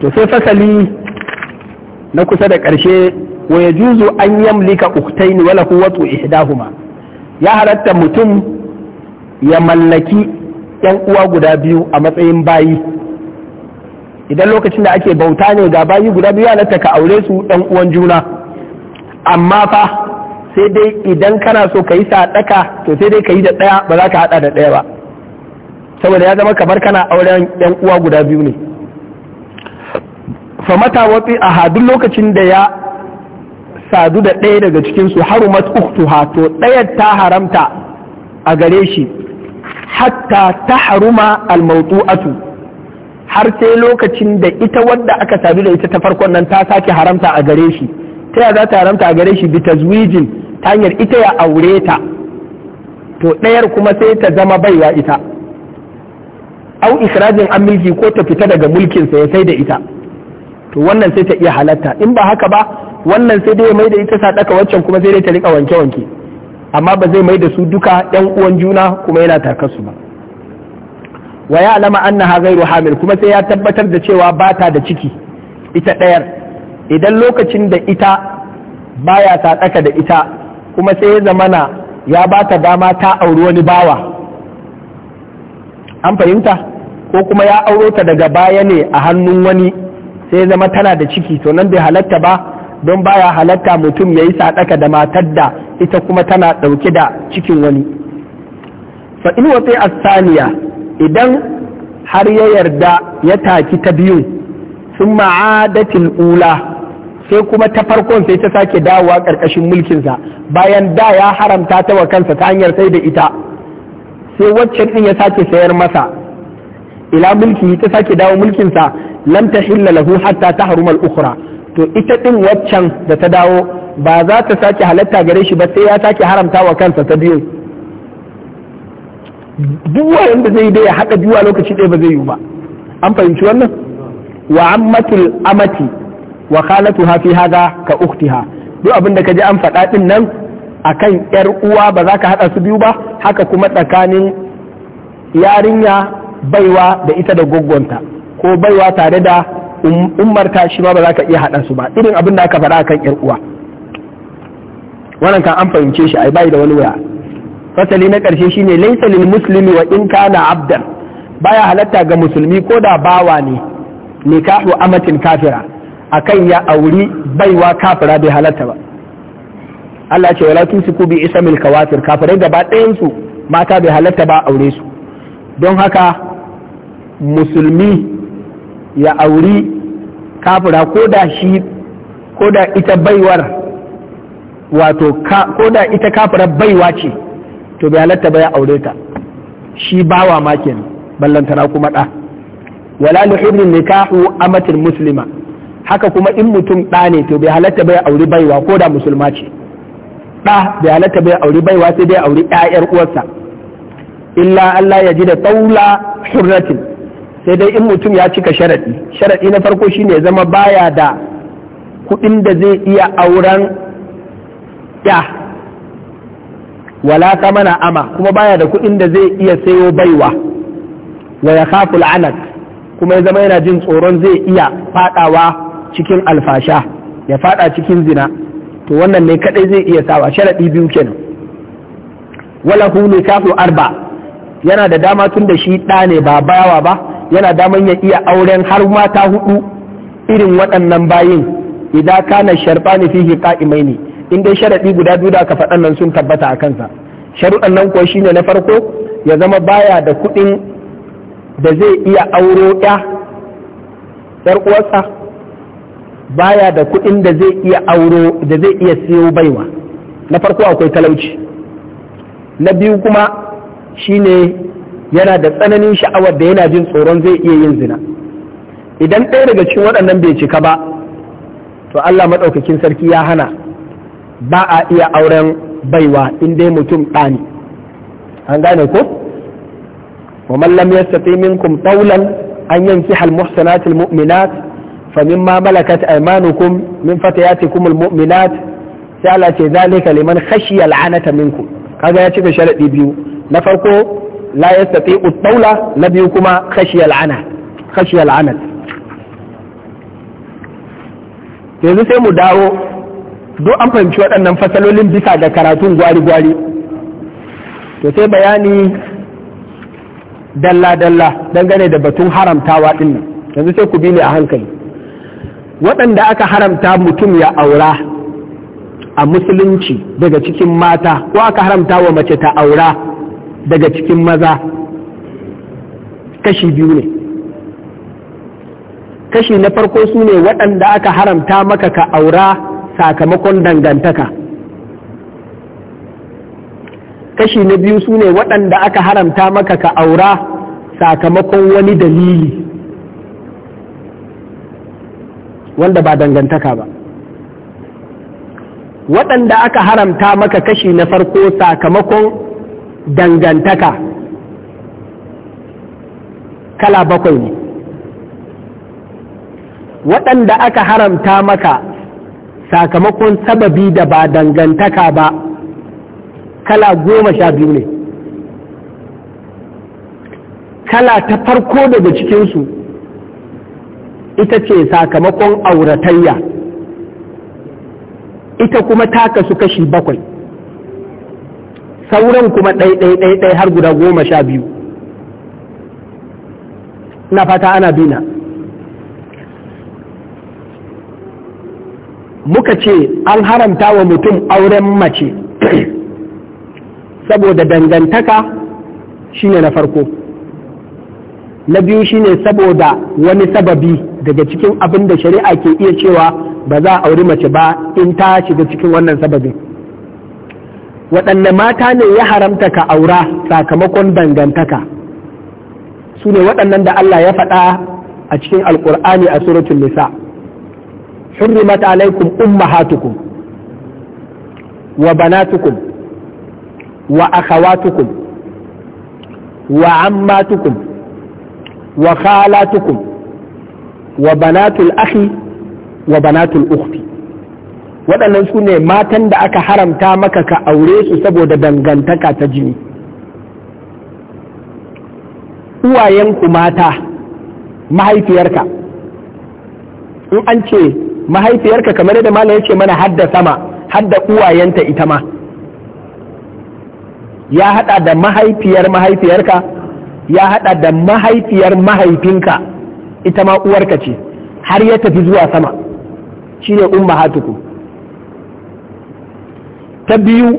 to sai fasali na kusa da ƙarshe wa ya juzu an yamlika uktaini wala huwatu ihdahuma ya halatta mutum ya mallaki ‘yan uwa guda biyu a matsayin bayi idan lokacin da ake bauta ne ga bayi guda biyu halatta ka aure su ‘yan uwan juna’ amma fa sai dai idan kana so ka yi sadaka to sai dai ka yi da ɗaya ba za ka haɗa da ɗaya ba saboda ya zama kamar kana auren yan uwa guda biyu ne fa mata wafi a hadun lokacin da ya sadu da ɗaya daga cikinsu harumat uktuha to ɗaya ta haramta a gare shi hatta ta haruma atu har sai lokacin da ita wadda aka sadu da ita ta farkon nan ta sake haramta a gare shi ta ya za ta haramta a gare shi bi zuwijin ta hanyar ita ya aure ta to ɗayar kuma sai ta zama baiwa ita au ikirajin an milki ko ta fita daga mulkinsa ya sai da ita to wannan sai ta iya halatta in ba haka ba wannan sai dai ya mai da ita sadaka waccan kuma sai dai ta rika wanke wanke amma ba zai mai da su duka yan uwan juna kuma yana taka su ba wa ya alama annaha gairu hamil kuma sai ya tabbatar da cewa ba ta da ciki ita ɗayar idan lokacin da ita baya saɗaka da ita kuma sai ya zamana ya ba ta dama ta auri wani bawa an fahimta ko kuma ya auro ta daga baya ne a hannun wani sai ya zama tana da ciki to nan bai halatta ba don baya halatta mutum ya yi saɗaka da matar da ita kuma tana ɗauke da cikin wani fa in a asaniya idan har ya yarda ya taki ta biyu sun ma'adatin ula sai kuma ta farkon sai ta sake dawowa ƙarƙashin mulkinsa bayan da ya haramta ta wa kansa ta hanyar sai da ita sai waccan ɗin ya sake sayar masa ila mulki ta sake dawo mulkinsa lam ta hilla lahu hatta ta harumar ukhra to ita ɗin waccan da ta dawo ba za ta sake halatta gare shi ba sai ya sake haramta wa kansa ta biyu duk wanda zai dai ya haɗa biyu a lokaci ɗaya ba zai yi ba an fahimci wannan wa ammatul amati wa khalatuha fi hadha ka ukhtiha duk abin da ka an faɗa din nan akan yar uwa ba za ka haɗa su biyu ba haka kuma tsakanin yarinya baiwa da ita da goggonta ko baiwa tare da um, ummarta shi ma ba za ka iya haɗa su ba irin abin da aka faɗa akan yar uwa wannan kan an fahimce shi ai bai da wani waya fasali na ƙarshe shine laysa lil muslimi wa in kana abdan baya halatta ga musulmi ko da bawa ne nikahu amatin kafira akan ya auri baiwa kafira bai halatta ba Allah ce wala tusiku bi isamil kawatir kafirai gaba ɗayan su mata bai halatta ba aure su don haka musulmi ya auri kafira ko da shi ko da ita baiwar wato ko da ita kafira baiwa ce to bai halatta ba ya aure ta shi bawa ma kenan ballantana kuma ɗa wala li hurrin nikahu amatin muslima haka kuma in mutum ɗa ne to bai halatta bai auri baiwa ko da musulma ce ɗa bai halatta bai auri baiwa sai dai auri ƴaƴar uwarsa illa Allah ya ji da taula hurratin sai dai in mutum ya cika sharaɗi sharaɗi na farko shine zama baya da kuɗin da zai iya auren ya wala mana ama kuma baya da kuɗin da zai iya sayo baiwa wa ya kuma ya zama yana jin tsoron zai iya faɗawa cikin alfasha ya fada cikin zina to wannan ne kadai zai iya sawa sharadi biyu kenan wala hu kafu arba yana da dama tun da shi ɗa ne ba bawa ba yana daman ya iya auren har mata hudu irin waɗannan bayin idan kana sharfani fihi qa'imaini in dai sharadi guda biyu da aka faɗan nan sun tabbata a kansa sharuɗan nan ko shine na farko ya zama baya da kuɗin da zai iya auro ya yar uwarsa baya da kuɗin da zai iya auro da zai iya siyo baiwa na farko akwai talauci na biyu kuma shine yana da tsananin sha'awar da yana jin tsoron zai iya yin zina idan ɗaya daga cikin waɗannan bai cika ba to Allah maɗaukakin sarki ya hana ba a iya auren baiwa in dai mutum ɗani an gane ko wa man lam yastati minkum tawlan an yanki al muminat فمما ملكت أيمانكم من فتياتكم المؤمنات سأل ذلك لمن خشي العنة منكم هذا يتشك شرط بيو نفرقه لا يستطيع الطولة نبيكما خشي العنة خشي العنة yanzu sai mu dawo duk an fahimci waɗannan fasalolin bisa ga karatun gwari-gwari to sai bayani dalla-dalla dangane da batun haramtawa ɗin yanzu sai ku bi ne a hankali waɗanda aka haramta mutum ya aura a musulunci daga cikin mata ko aka haramta wa mace ta aura daga cikin maza kashi biyu ne kashi na farko su ne waɗanda aka haramta maka ka aura sakamakon dangantaka kashi na biyu su ne waɗanda aka haramta maka ka aura sakamakon wani dalili wanda ba dangantaka ba waɗanda aka haramta maka kashi na farko sakamakon dangantaka kala bakwai ne waɗanda aka haramta maka sakamakon sababi da ba dangantaka ba kala goma sha biyu ne kala ta farko daga cikinsu ita ce sakamakon auratayya ita kuma ta kasu kashi bakwai sauran kuma ɗai-ɗai-ɗai har guda goma sha biyu na fata ana bina muka ce an haramta wa mutum auren mace saboda dangantaka shine na farko na biyu shine saboda wani sababi daga cikin abin da shari'a ke iya cewa ba za a auri mace ba in ta shiga cikin wannan sababin waɗanne mata ne ya haramta ka aura sakamakon dangantaka su ne waɗannan da Allah ya faɗa a cikin alƙur'ani a suratul nisa حرمت عليكم أمهاتكم وبناتكم وأخواتكم وعماتكم wa khalatukum wa banatul akhi wa banatul waɗannan su ne matan da aka haramta maka ka aure su saboda dangantaka ta jini uwayenku mata mahaifiyarka in an ce mahaifiyarka kamar yadda malam ya ce mana hadda sama hadda uwayenta ita ma ya hada da mahaifiyar mahaifiyarka ya haɗa da mahaifiyar mahaifinka ita ma uwarka ce har ya tafi zuwa sama shine ummahatukum ta biyu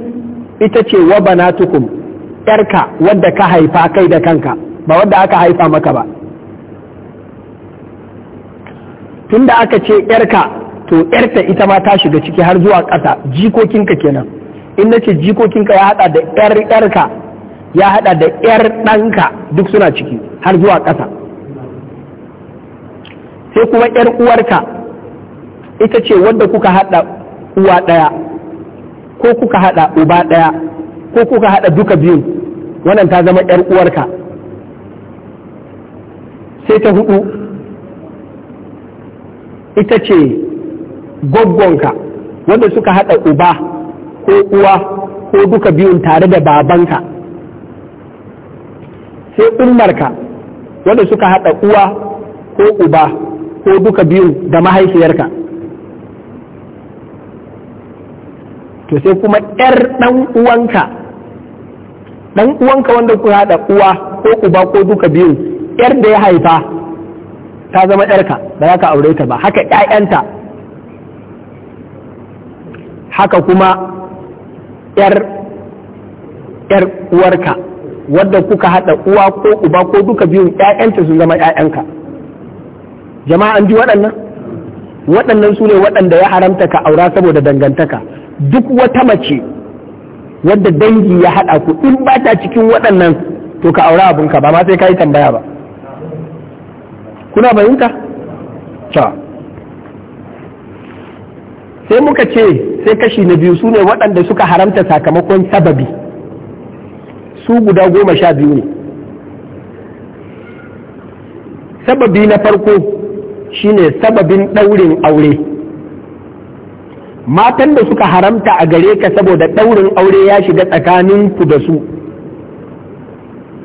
ita ce wa banatukum yarka wadda ka haifa kai da kanka ba wadda aka haifa maka ba tunda aka ce yarka to yarta ita ma ta shiga ciki har zuwa ƙasa jikokinka kenan in na ce jikokinka ya haɗa da yar yarka ya hada da yar ɗanka duk suna ciki har zuwa ƙasa sai kuma yar uwarka ita ce wanda kuka hada uwa ɗaya ko kuka hada uba ɗaya ko kuka hada duka biyun wannan ta zama yar uwarka sai ta hudu ita ce gwaggonka wanda suka hada uba ko uwa ko duka biyun tare da babanka sai ummarka wanda suka haɗa uwa ko uba ko duka biyu da mahaifiyarka to sai kuma 'yar ɗan uwanka ɗan uwanka wanda kuka haɗa uwa ko uba ko duka biyu 'yar da ya haifa ta zama 'yarka ba za ka aure ta ba haka 'ya'yanta haka kuma 'yar uwarka wadda kuka haɗa uwa ko uba ko duka biyun ƴaƴanta sun zama ƴaƴanka. jama'a an ji waɗannan waɗannan su ne waɗanda ya haramta ka aura saboda dangantaka duk wata mace wadda dangi ya haɗa ku in ba ta cikin waɗannan to ka aura abinka ba ma sai ka yi tambaya ba kuna bayinka? ta sai muka ce sai kashi na biyu su ne waɗanda suka haramta sakamakon sababi su guda goma sha biyu ne sababi na farko shine sababin ɗaurin aure matan da suka haramta a gare ka saboda ɗaurin aure ya shiga tsakaninku da su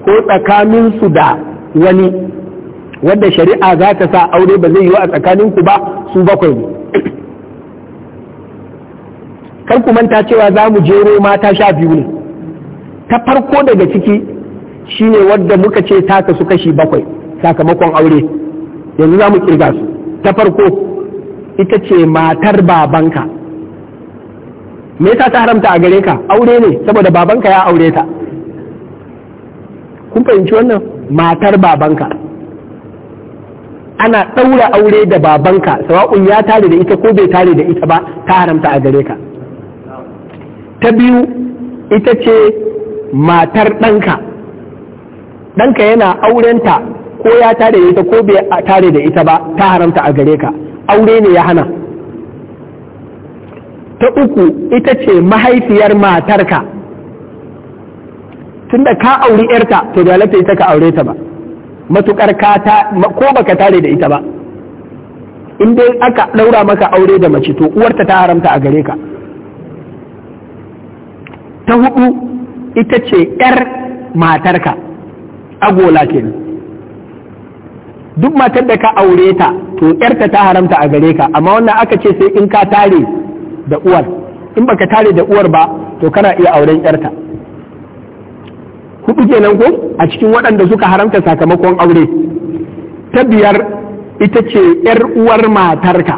ko tsakaninsu da wani wadda shari'a za ta sa aure ba zai yi a tsakaninku ba su bakwai ne kar ku manta cewa za mu jero mata sha biyu ne ta farko daga ciki shine wadda muka ce ta kasu kashi bakwai sakamakon aure yanzu za mu kirga su ta farko ita ce matar babanka me yasa ta haramta a gare ka aure ne saboda babanka ya aure ta kun fahimci wannan matar babanka ana ɗaura aure da babanka sawa'un ya tare da ita ko bai tare da ita ba ta haramta a gare ka ta biyu ita ce matar ɗanka ɗanka yana aurenta ko ya tare da ita ko bai tare da ita ba ta haramta a gare ka aure ne ya hana ta uku ita ce mahaifiyar matarka tunda ka auri yarta to da halatta ita ka aure ta ba matukar ka ta ko baka tare da ita ba in dai aka ɗaura maka aure da mace to uwarta ta haramta a gare ka ta hudu ita ce ‘yar matarka agola nan, duk matar da ka aure ta to ‘yarta ta haramta a gare ka amma wannan aka ce sai in ka tare da uwar in baka tare da uwar ba to kana iya auren ‘yarta hudu kenan ko a cikin waɗanda suka haramta sakamakon aure ta biyar ita ce ‘yar uwar matarka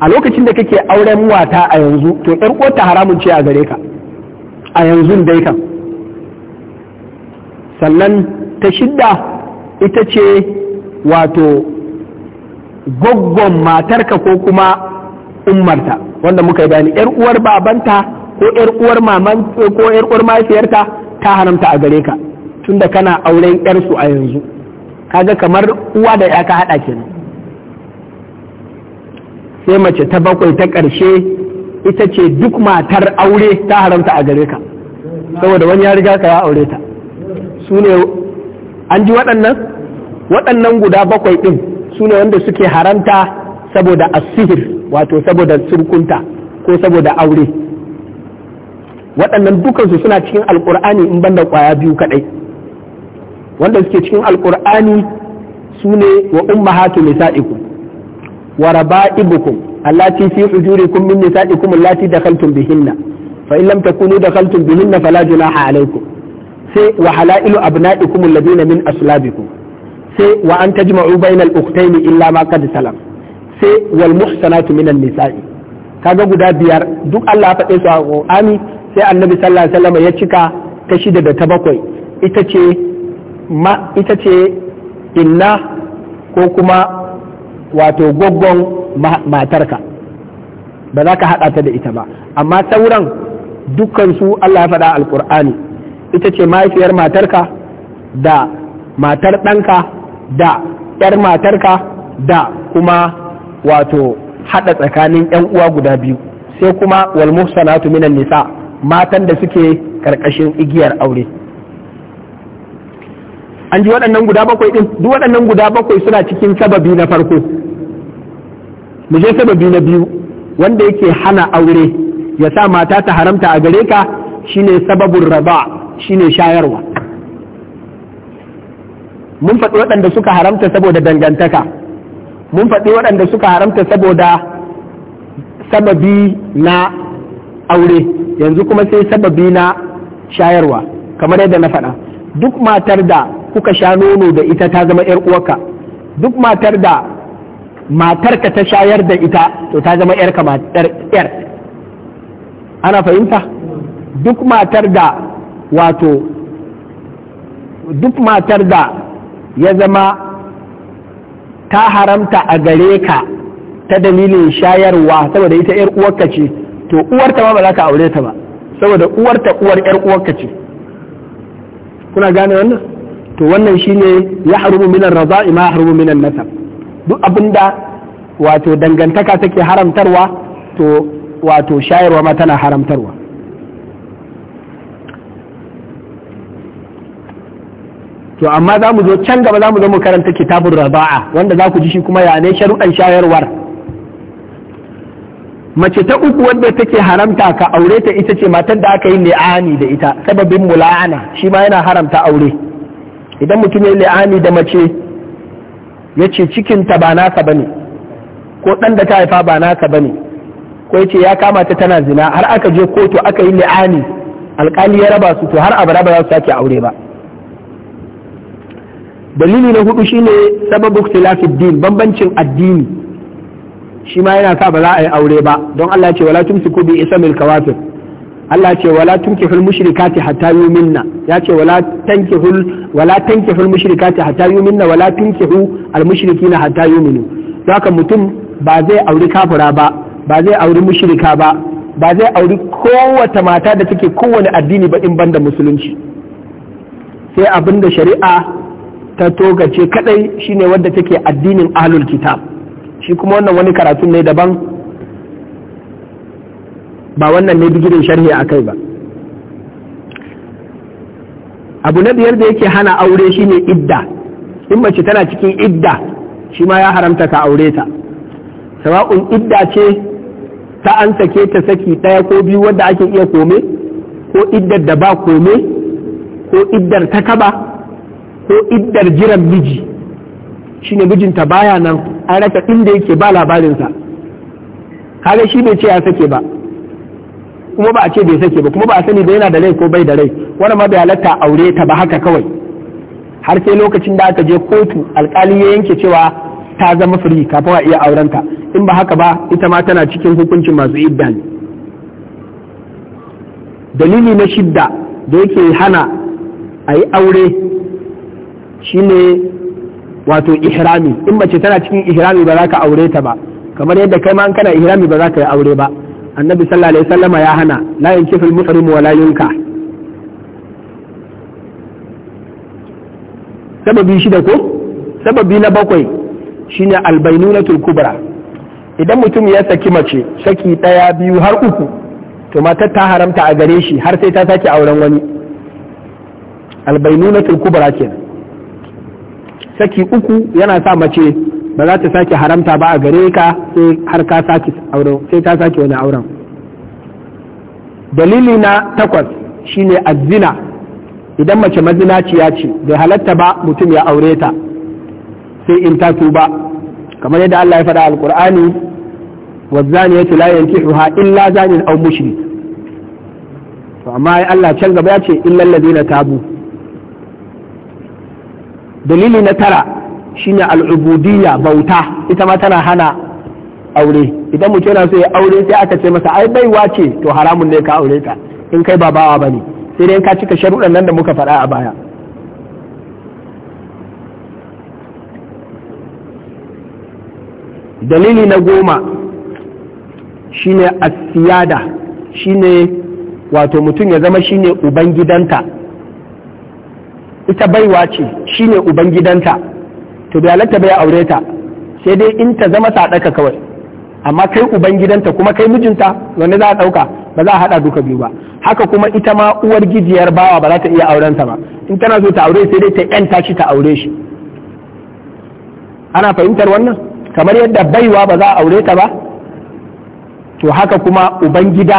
a lokacin da kake auren wata a yanzu to ‘yar uwar ta haramun ce a gare ka. a yanzu dai kan sannan ta shidda ita ce wato goggon matarka ko kuma ummarta wanda muka yi bayani yar uwar babanta ko yar uwar maman ko yar uwar mahaifiyarta ta haramta a gare ka tunda kana auren yarsu a yanzu kaga kamar uwa da ya ka hada kenan sai mace ta bakwai ta ƙarshe ita ce duk matar aure ta haramta a gare ka saboda wani ya riga ka ya aure ta su ne an ji waɗannan waɗannan guda bakwai ɗin su ne wanda suke haramta saboda asihir wato saboda surkunta ko saboda aure waɗannan dukansu suna cikin alƙur'ani in banda ƙwaya biyu kaɗai wanda suke cikin alƙur'ani su ne wa ummahatu nisa'ikum wa raba'ibukum allati fi ujurikum min nisaikum allati dakhaltum bihinna fa in lam takunu bihinna fala junaha alaykum sai wa halailu abna'ikum alladhina min aslabikum sai wa an tajma'u bainal ukhtayn illa ma qad salam sai wal muhsanatu minan nisa'i kaga guda biyar duk Allah ya faɗe su a Qur'ani sai Annabi sallallahu alaihi wasallam ya cika ta shida da ta bakwai ita ce ma ko kuma wato goggon matarka ba za ka haɗa ta da ita ba amma sauran dukkan Allah ya faɗa alƙur'ani ita ce mahaifiyar matarka da matar ɗanka da ƴar matarka da kuma wato haɗa tsakanin ƴan uwa guda biyu sai kuma wal muhsanatu minan nisa matan da suke ƙarƙashin igiyar aure an ji waɗannan guda bakwai ɗin duk waɗannan guda bakwai suna cikin sababi na farko mu je sababi na biyu wanda yake hana aure ya sa mata ta haramta a gare ka shine sababin raba shine shayarwa mun faɗi waɗanda suka haramta saboda dangantaka mun faɗi waɗanda suka haramta saboda sababi na aure yanzu kuma sai sababi na shayarwa kamar yadda na faɗa duk matar da kuka sha nono da ita ta zama 'yar uwarka duk matar da matarka ta shayar da ita to ta zama yar matar yar ana fahimta duk matar da wato duk matar da ya zama ta haramta a gare ka ta dalilin shayarwa saboda ita yar uwarka ce to uwarta ma ba za ka aure ta ba saboda uwarta uwar yar uwarka ce kuna gane wannan to wannan shine ya harubu minan raza'i ma harubu minan nasab duk abinda wato dangantaka take haramtarwa to wato shayarwa ma tana haramtarwa to amma za mu zo can gaba za mu zo mu karanta kitabun raba'a wanda za ku ji shi kuma ya ne sharuɗan shayarwar mace ta uku wanda take haramta ka aure ta ita ce matan da aka yi la'ani da ita sababin mula'ana shi ma yana haramta aure idan mutum ya yi la'ani da mace ya ce cikinta ba naka ba ne ko ɗan da ta haifa ba naka ba ne ko ya ce ya kama ta tana zina har aka je kotu aka yi li'ani alƙali ya raba su to har abada ba za su sake aure ba dalili na hudu shine sababu ikhtilafid din bambancin addini shi ma yana sa ba za a yi aure ba don Allah ya ce wala tumsiku bi isamil kawafir Allah ce wala fil mushrikati hatta yuminna ya ce wala tankihul wala fil mushrikati hatta yuminna wala tunkihu al mushrikina hatta yuminu haka mutum ba zai auri kafira ba ba zai auri mushrika ba ba zai auri kowace mata da take kowane addini ba in banda musulunci sai abinda shari'a ta togace kadai shine wadda take addinin ahlul kitab shi kuma wannan wani karatun ne daban ba wannan ne bigirin sharhi a kai ba abu na biyar da yake hana aure shine idda in mace tana cikin idda shi ma ya haramta ka aure ta sawa'un idda ce ta an sake ta saki ɗaya ko biyu wadda ake iya kome ko iddar da ba kome ko iddar ta kaba ko iddar jiran miji shine mijinta baya nan an raka inda yake ba labarinsa kaga shi bai ce ya sake ba kuma ba a ce bai sake ba kuma ba a sani ba yana da rai ko bai da rai wani ma bai halatta aure ta ba haka kawai har sai lokacin da aka je kotu alkali ya yanke cewa ta zama firi kafin a iya aurenta in ba haka ba ita ma tana cikin hukuncin masu idda dalili na shidda da yake hana a yi aure shine wato ihrami in mace tana cikin ihrami ba za ka aure ta ba kamar yadda kai ma kana ihrami ba za ka yi aure ba annabi sallallahu alaihi wasallama ya hana la kifin muhrim wa la yunka sababi shida ko sababi na bakwai shine albainunatul kubra idan mutum ya saki mace saki daya biyu har uku to matar ta haramta a gare shi har sai ta sake auren wani albainunatul kubra kenan saki uku yana sa mace ba za ta sake haramta ba a gare ka sai har ka sake auren sai ta sake wani auren dalili na takwas shine azzina idan mace mazinaciya ce bai halatta ba mutum ya aure ta sai in ta tuba kamar yadda Allah ya faɗa alqur'ani ya la yankihuha illa zanin aw mushrik to amma Allah can gaba ya ce illal ladina tabu dalili na tara shine al'ubudiyya bauta ita ma tana hana aure idan mutum yana so ya aure sai aka ce masa ai baiwa ce to haramun ne ka aure ta in kai ba bawa bane sai dai ka cika sharuɗan nan da muka faɗa a baya dalili na goma shine asiyada shine wato mutum ya zama shine ubangidanta ita baiwa ce shine ubangidanta to da halatta bai aure ta sai dai in ta zama sadaka kawai amma kai ubangidanta kuma kai mijinta wanda za a ɗauka ba za a haɗa duka biyu ba haka kuma ita ma uwar gijiyar bawa ba za ta iya auren sa ba in tana so ta aure sai dai ta yanta shi ta aure shi ana fahimtar wannan kamar yadda baiwa ba za a aure ta ba to haka kuma ubangida gida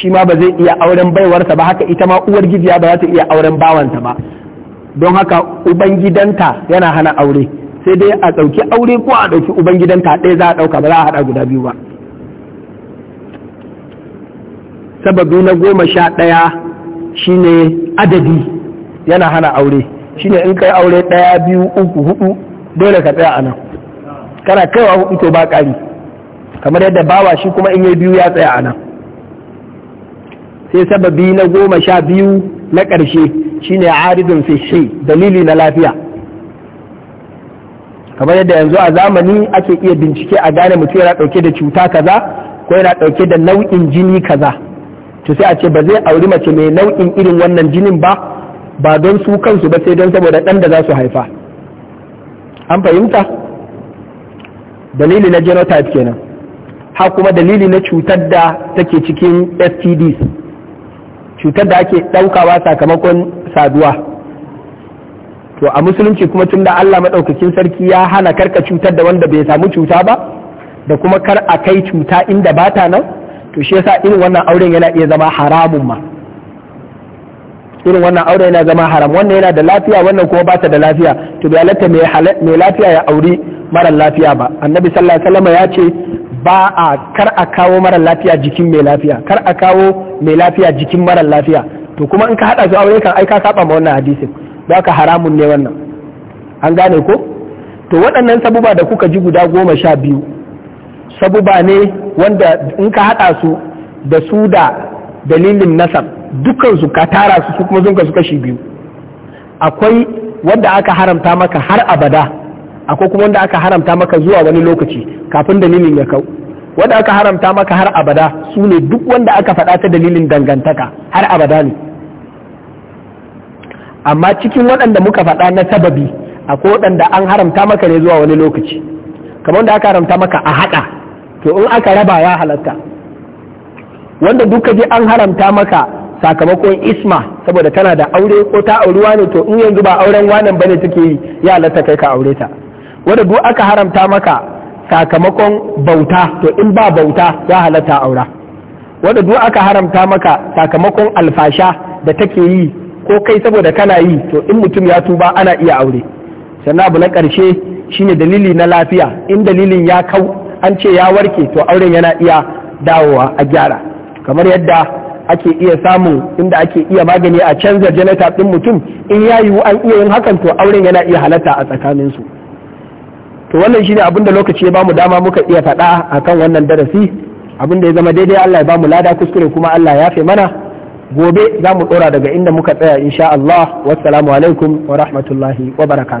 shi ma ba zai iya auren baiwarsa ba haka ita ma uwar gijiya ba za ta iya auren bawanta ba don haka ubangidanta yana hana aure sai dai a ɗauki aure ko a ɗauki ubangidanta ɗaya za a ɗauka ba za a haɗa guda biyu ba sababi na goma sha ɗaya shine adadi yana hana aure shine in kai aure ɗaya biyu uku hudu dole ka tsaya a nan kana kaiwa hudu to ba ƙari kamar yadda bawa shi kuma in yi biyu ya tsaya a nan sai sababi na goma sha biyu na ƙarshe shine aridun fi dalili na lafiya kamar yadda yanzu a zamani ake iya bincike a gane mutum yana ɗauke da cuta kaza ko yana ɗauke da nau'in jini kaza to sai a ce ba zai auri mace mai nau'in irin wannan jinin ba ba don su kansu ba sai don saboda ɗan da za su haifa an fahimta dalili na genotype kenan ha kuma dalili na cutar da take cikin stds cutar da ake ɗaukawa sakamakon saduwa to a musulunci kuma tun da Allah maɗaukakin sarki ya hana karka cutar da wanda bai samu cuta ba da kuma kar a kai cuta inda ba ta nan to shi yasa irin wannan auren yana iya zama haramun ma irin wannan auren yana zama haram wannan yana da lafiya wannan kuma ba ta da lafiya to bai halatta mai lafiya ya auri mara lafiya ba annabi sallallahu alaihi wasallam ya ce ba a kar a kawo mara lafiya jikin mai lafiya kar a kawo mai lafiya jikin mara lafiya to kuma in ka hada su aure kan ai ka saba ma wannan hadisin da ka haramun ne wannan an gane ko to waɗannan sabuba da kuka ji guda goma sha biyu sabuba ne wanda in ka hada su da su da dalilin nasab su ka tara su kuma zunka su kashi biyu akwai wanda aka haramta maka har abada akwai kuma wanda aka haramta maka zuwa wani lokaci kafin dalilin ya kau wanda aka haramta maka har abada su ne duk wanda aka faɗa ta dalilin dangantaka har abada ne amma cikin waɗanda muka faɗa na sababi akwai waɗanda an haramta maka ne zuwa wani lokaci kamar wanda aka haramta maka a haɗa to in aka raba ya halatta wanda duka je an haramta maka sakamakon isma saboda tana da aure ko ta auri wane to in yanzu ba auren wanan bane take yi ya halatta kai ka aure ta wanda duk aka haramta maka sakamakon bauta to in ba bauta ya halatta aura wanda duk aka haramta maka sakamakon alfasha da take yi ko kai saboda kana yi to in mutum ya tuba ana iya aure sannan abu na ƙarshe shine dalili na lafiya in dalilin ya kau an ce ya warke to auren yana iya dawowa a gyara kamar yadda ake iya samun inda ake iya magani a canza janata ɗin mutum in ya yiwu an iya yin hakan to auren yana iya halatta a tsakaninsu to wannan shine abin da lokaci ya bamu dama muka iya faɗa akan wannan darasi abin da ya zama daidai Allah ya bamu lada kuskure kuma Allah ya fi mana gobe za mu ɗora daga inda muka tsaya insha Allah wassalamu alaikum wa rahmatullahi wa barakatuh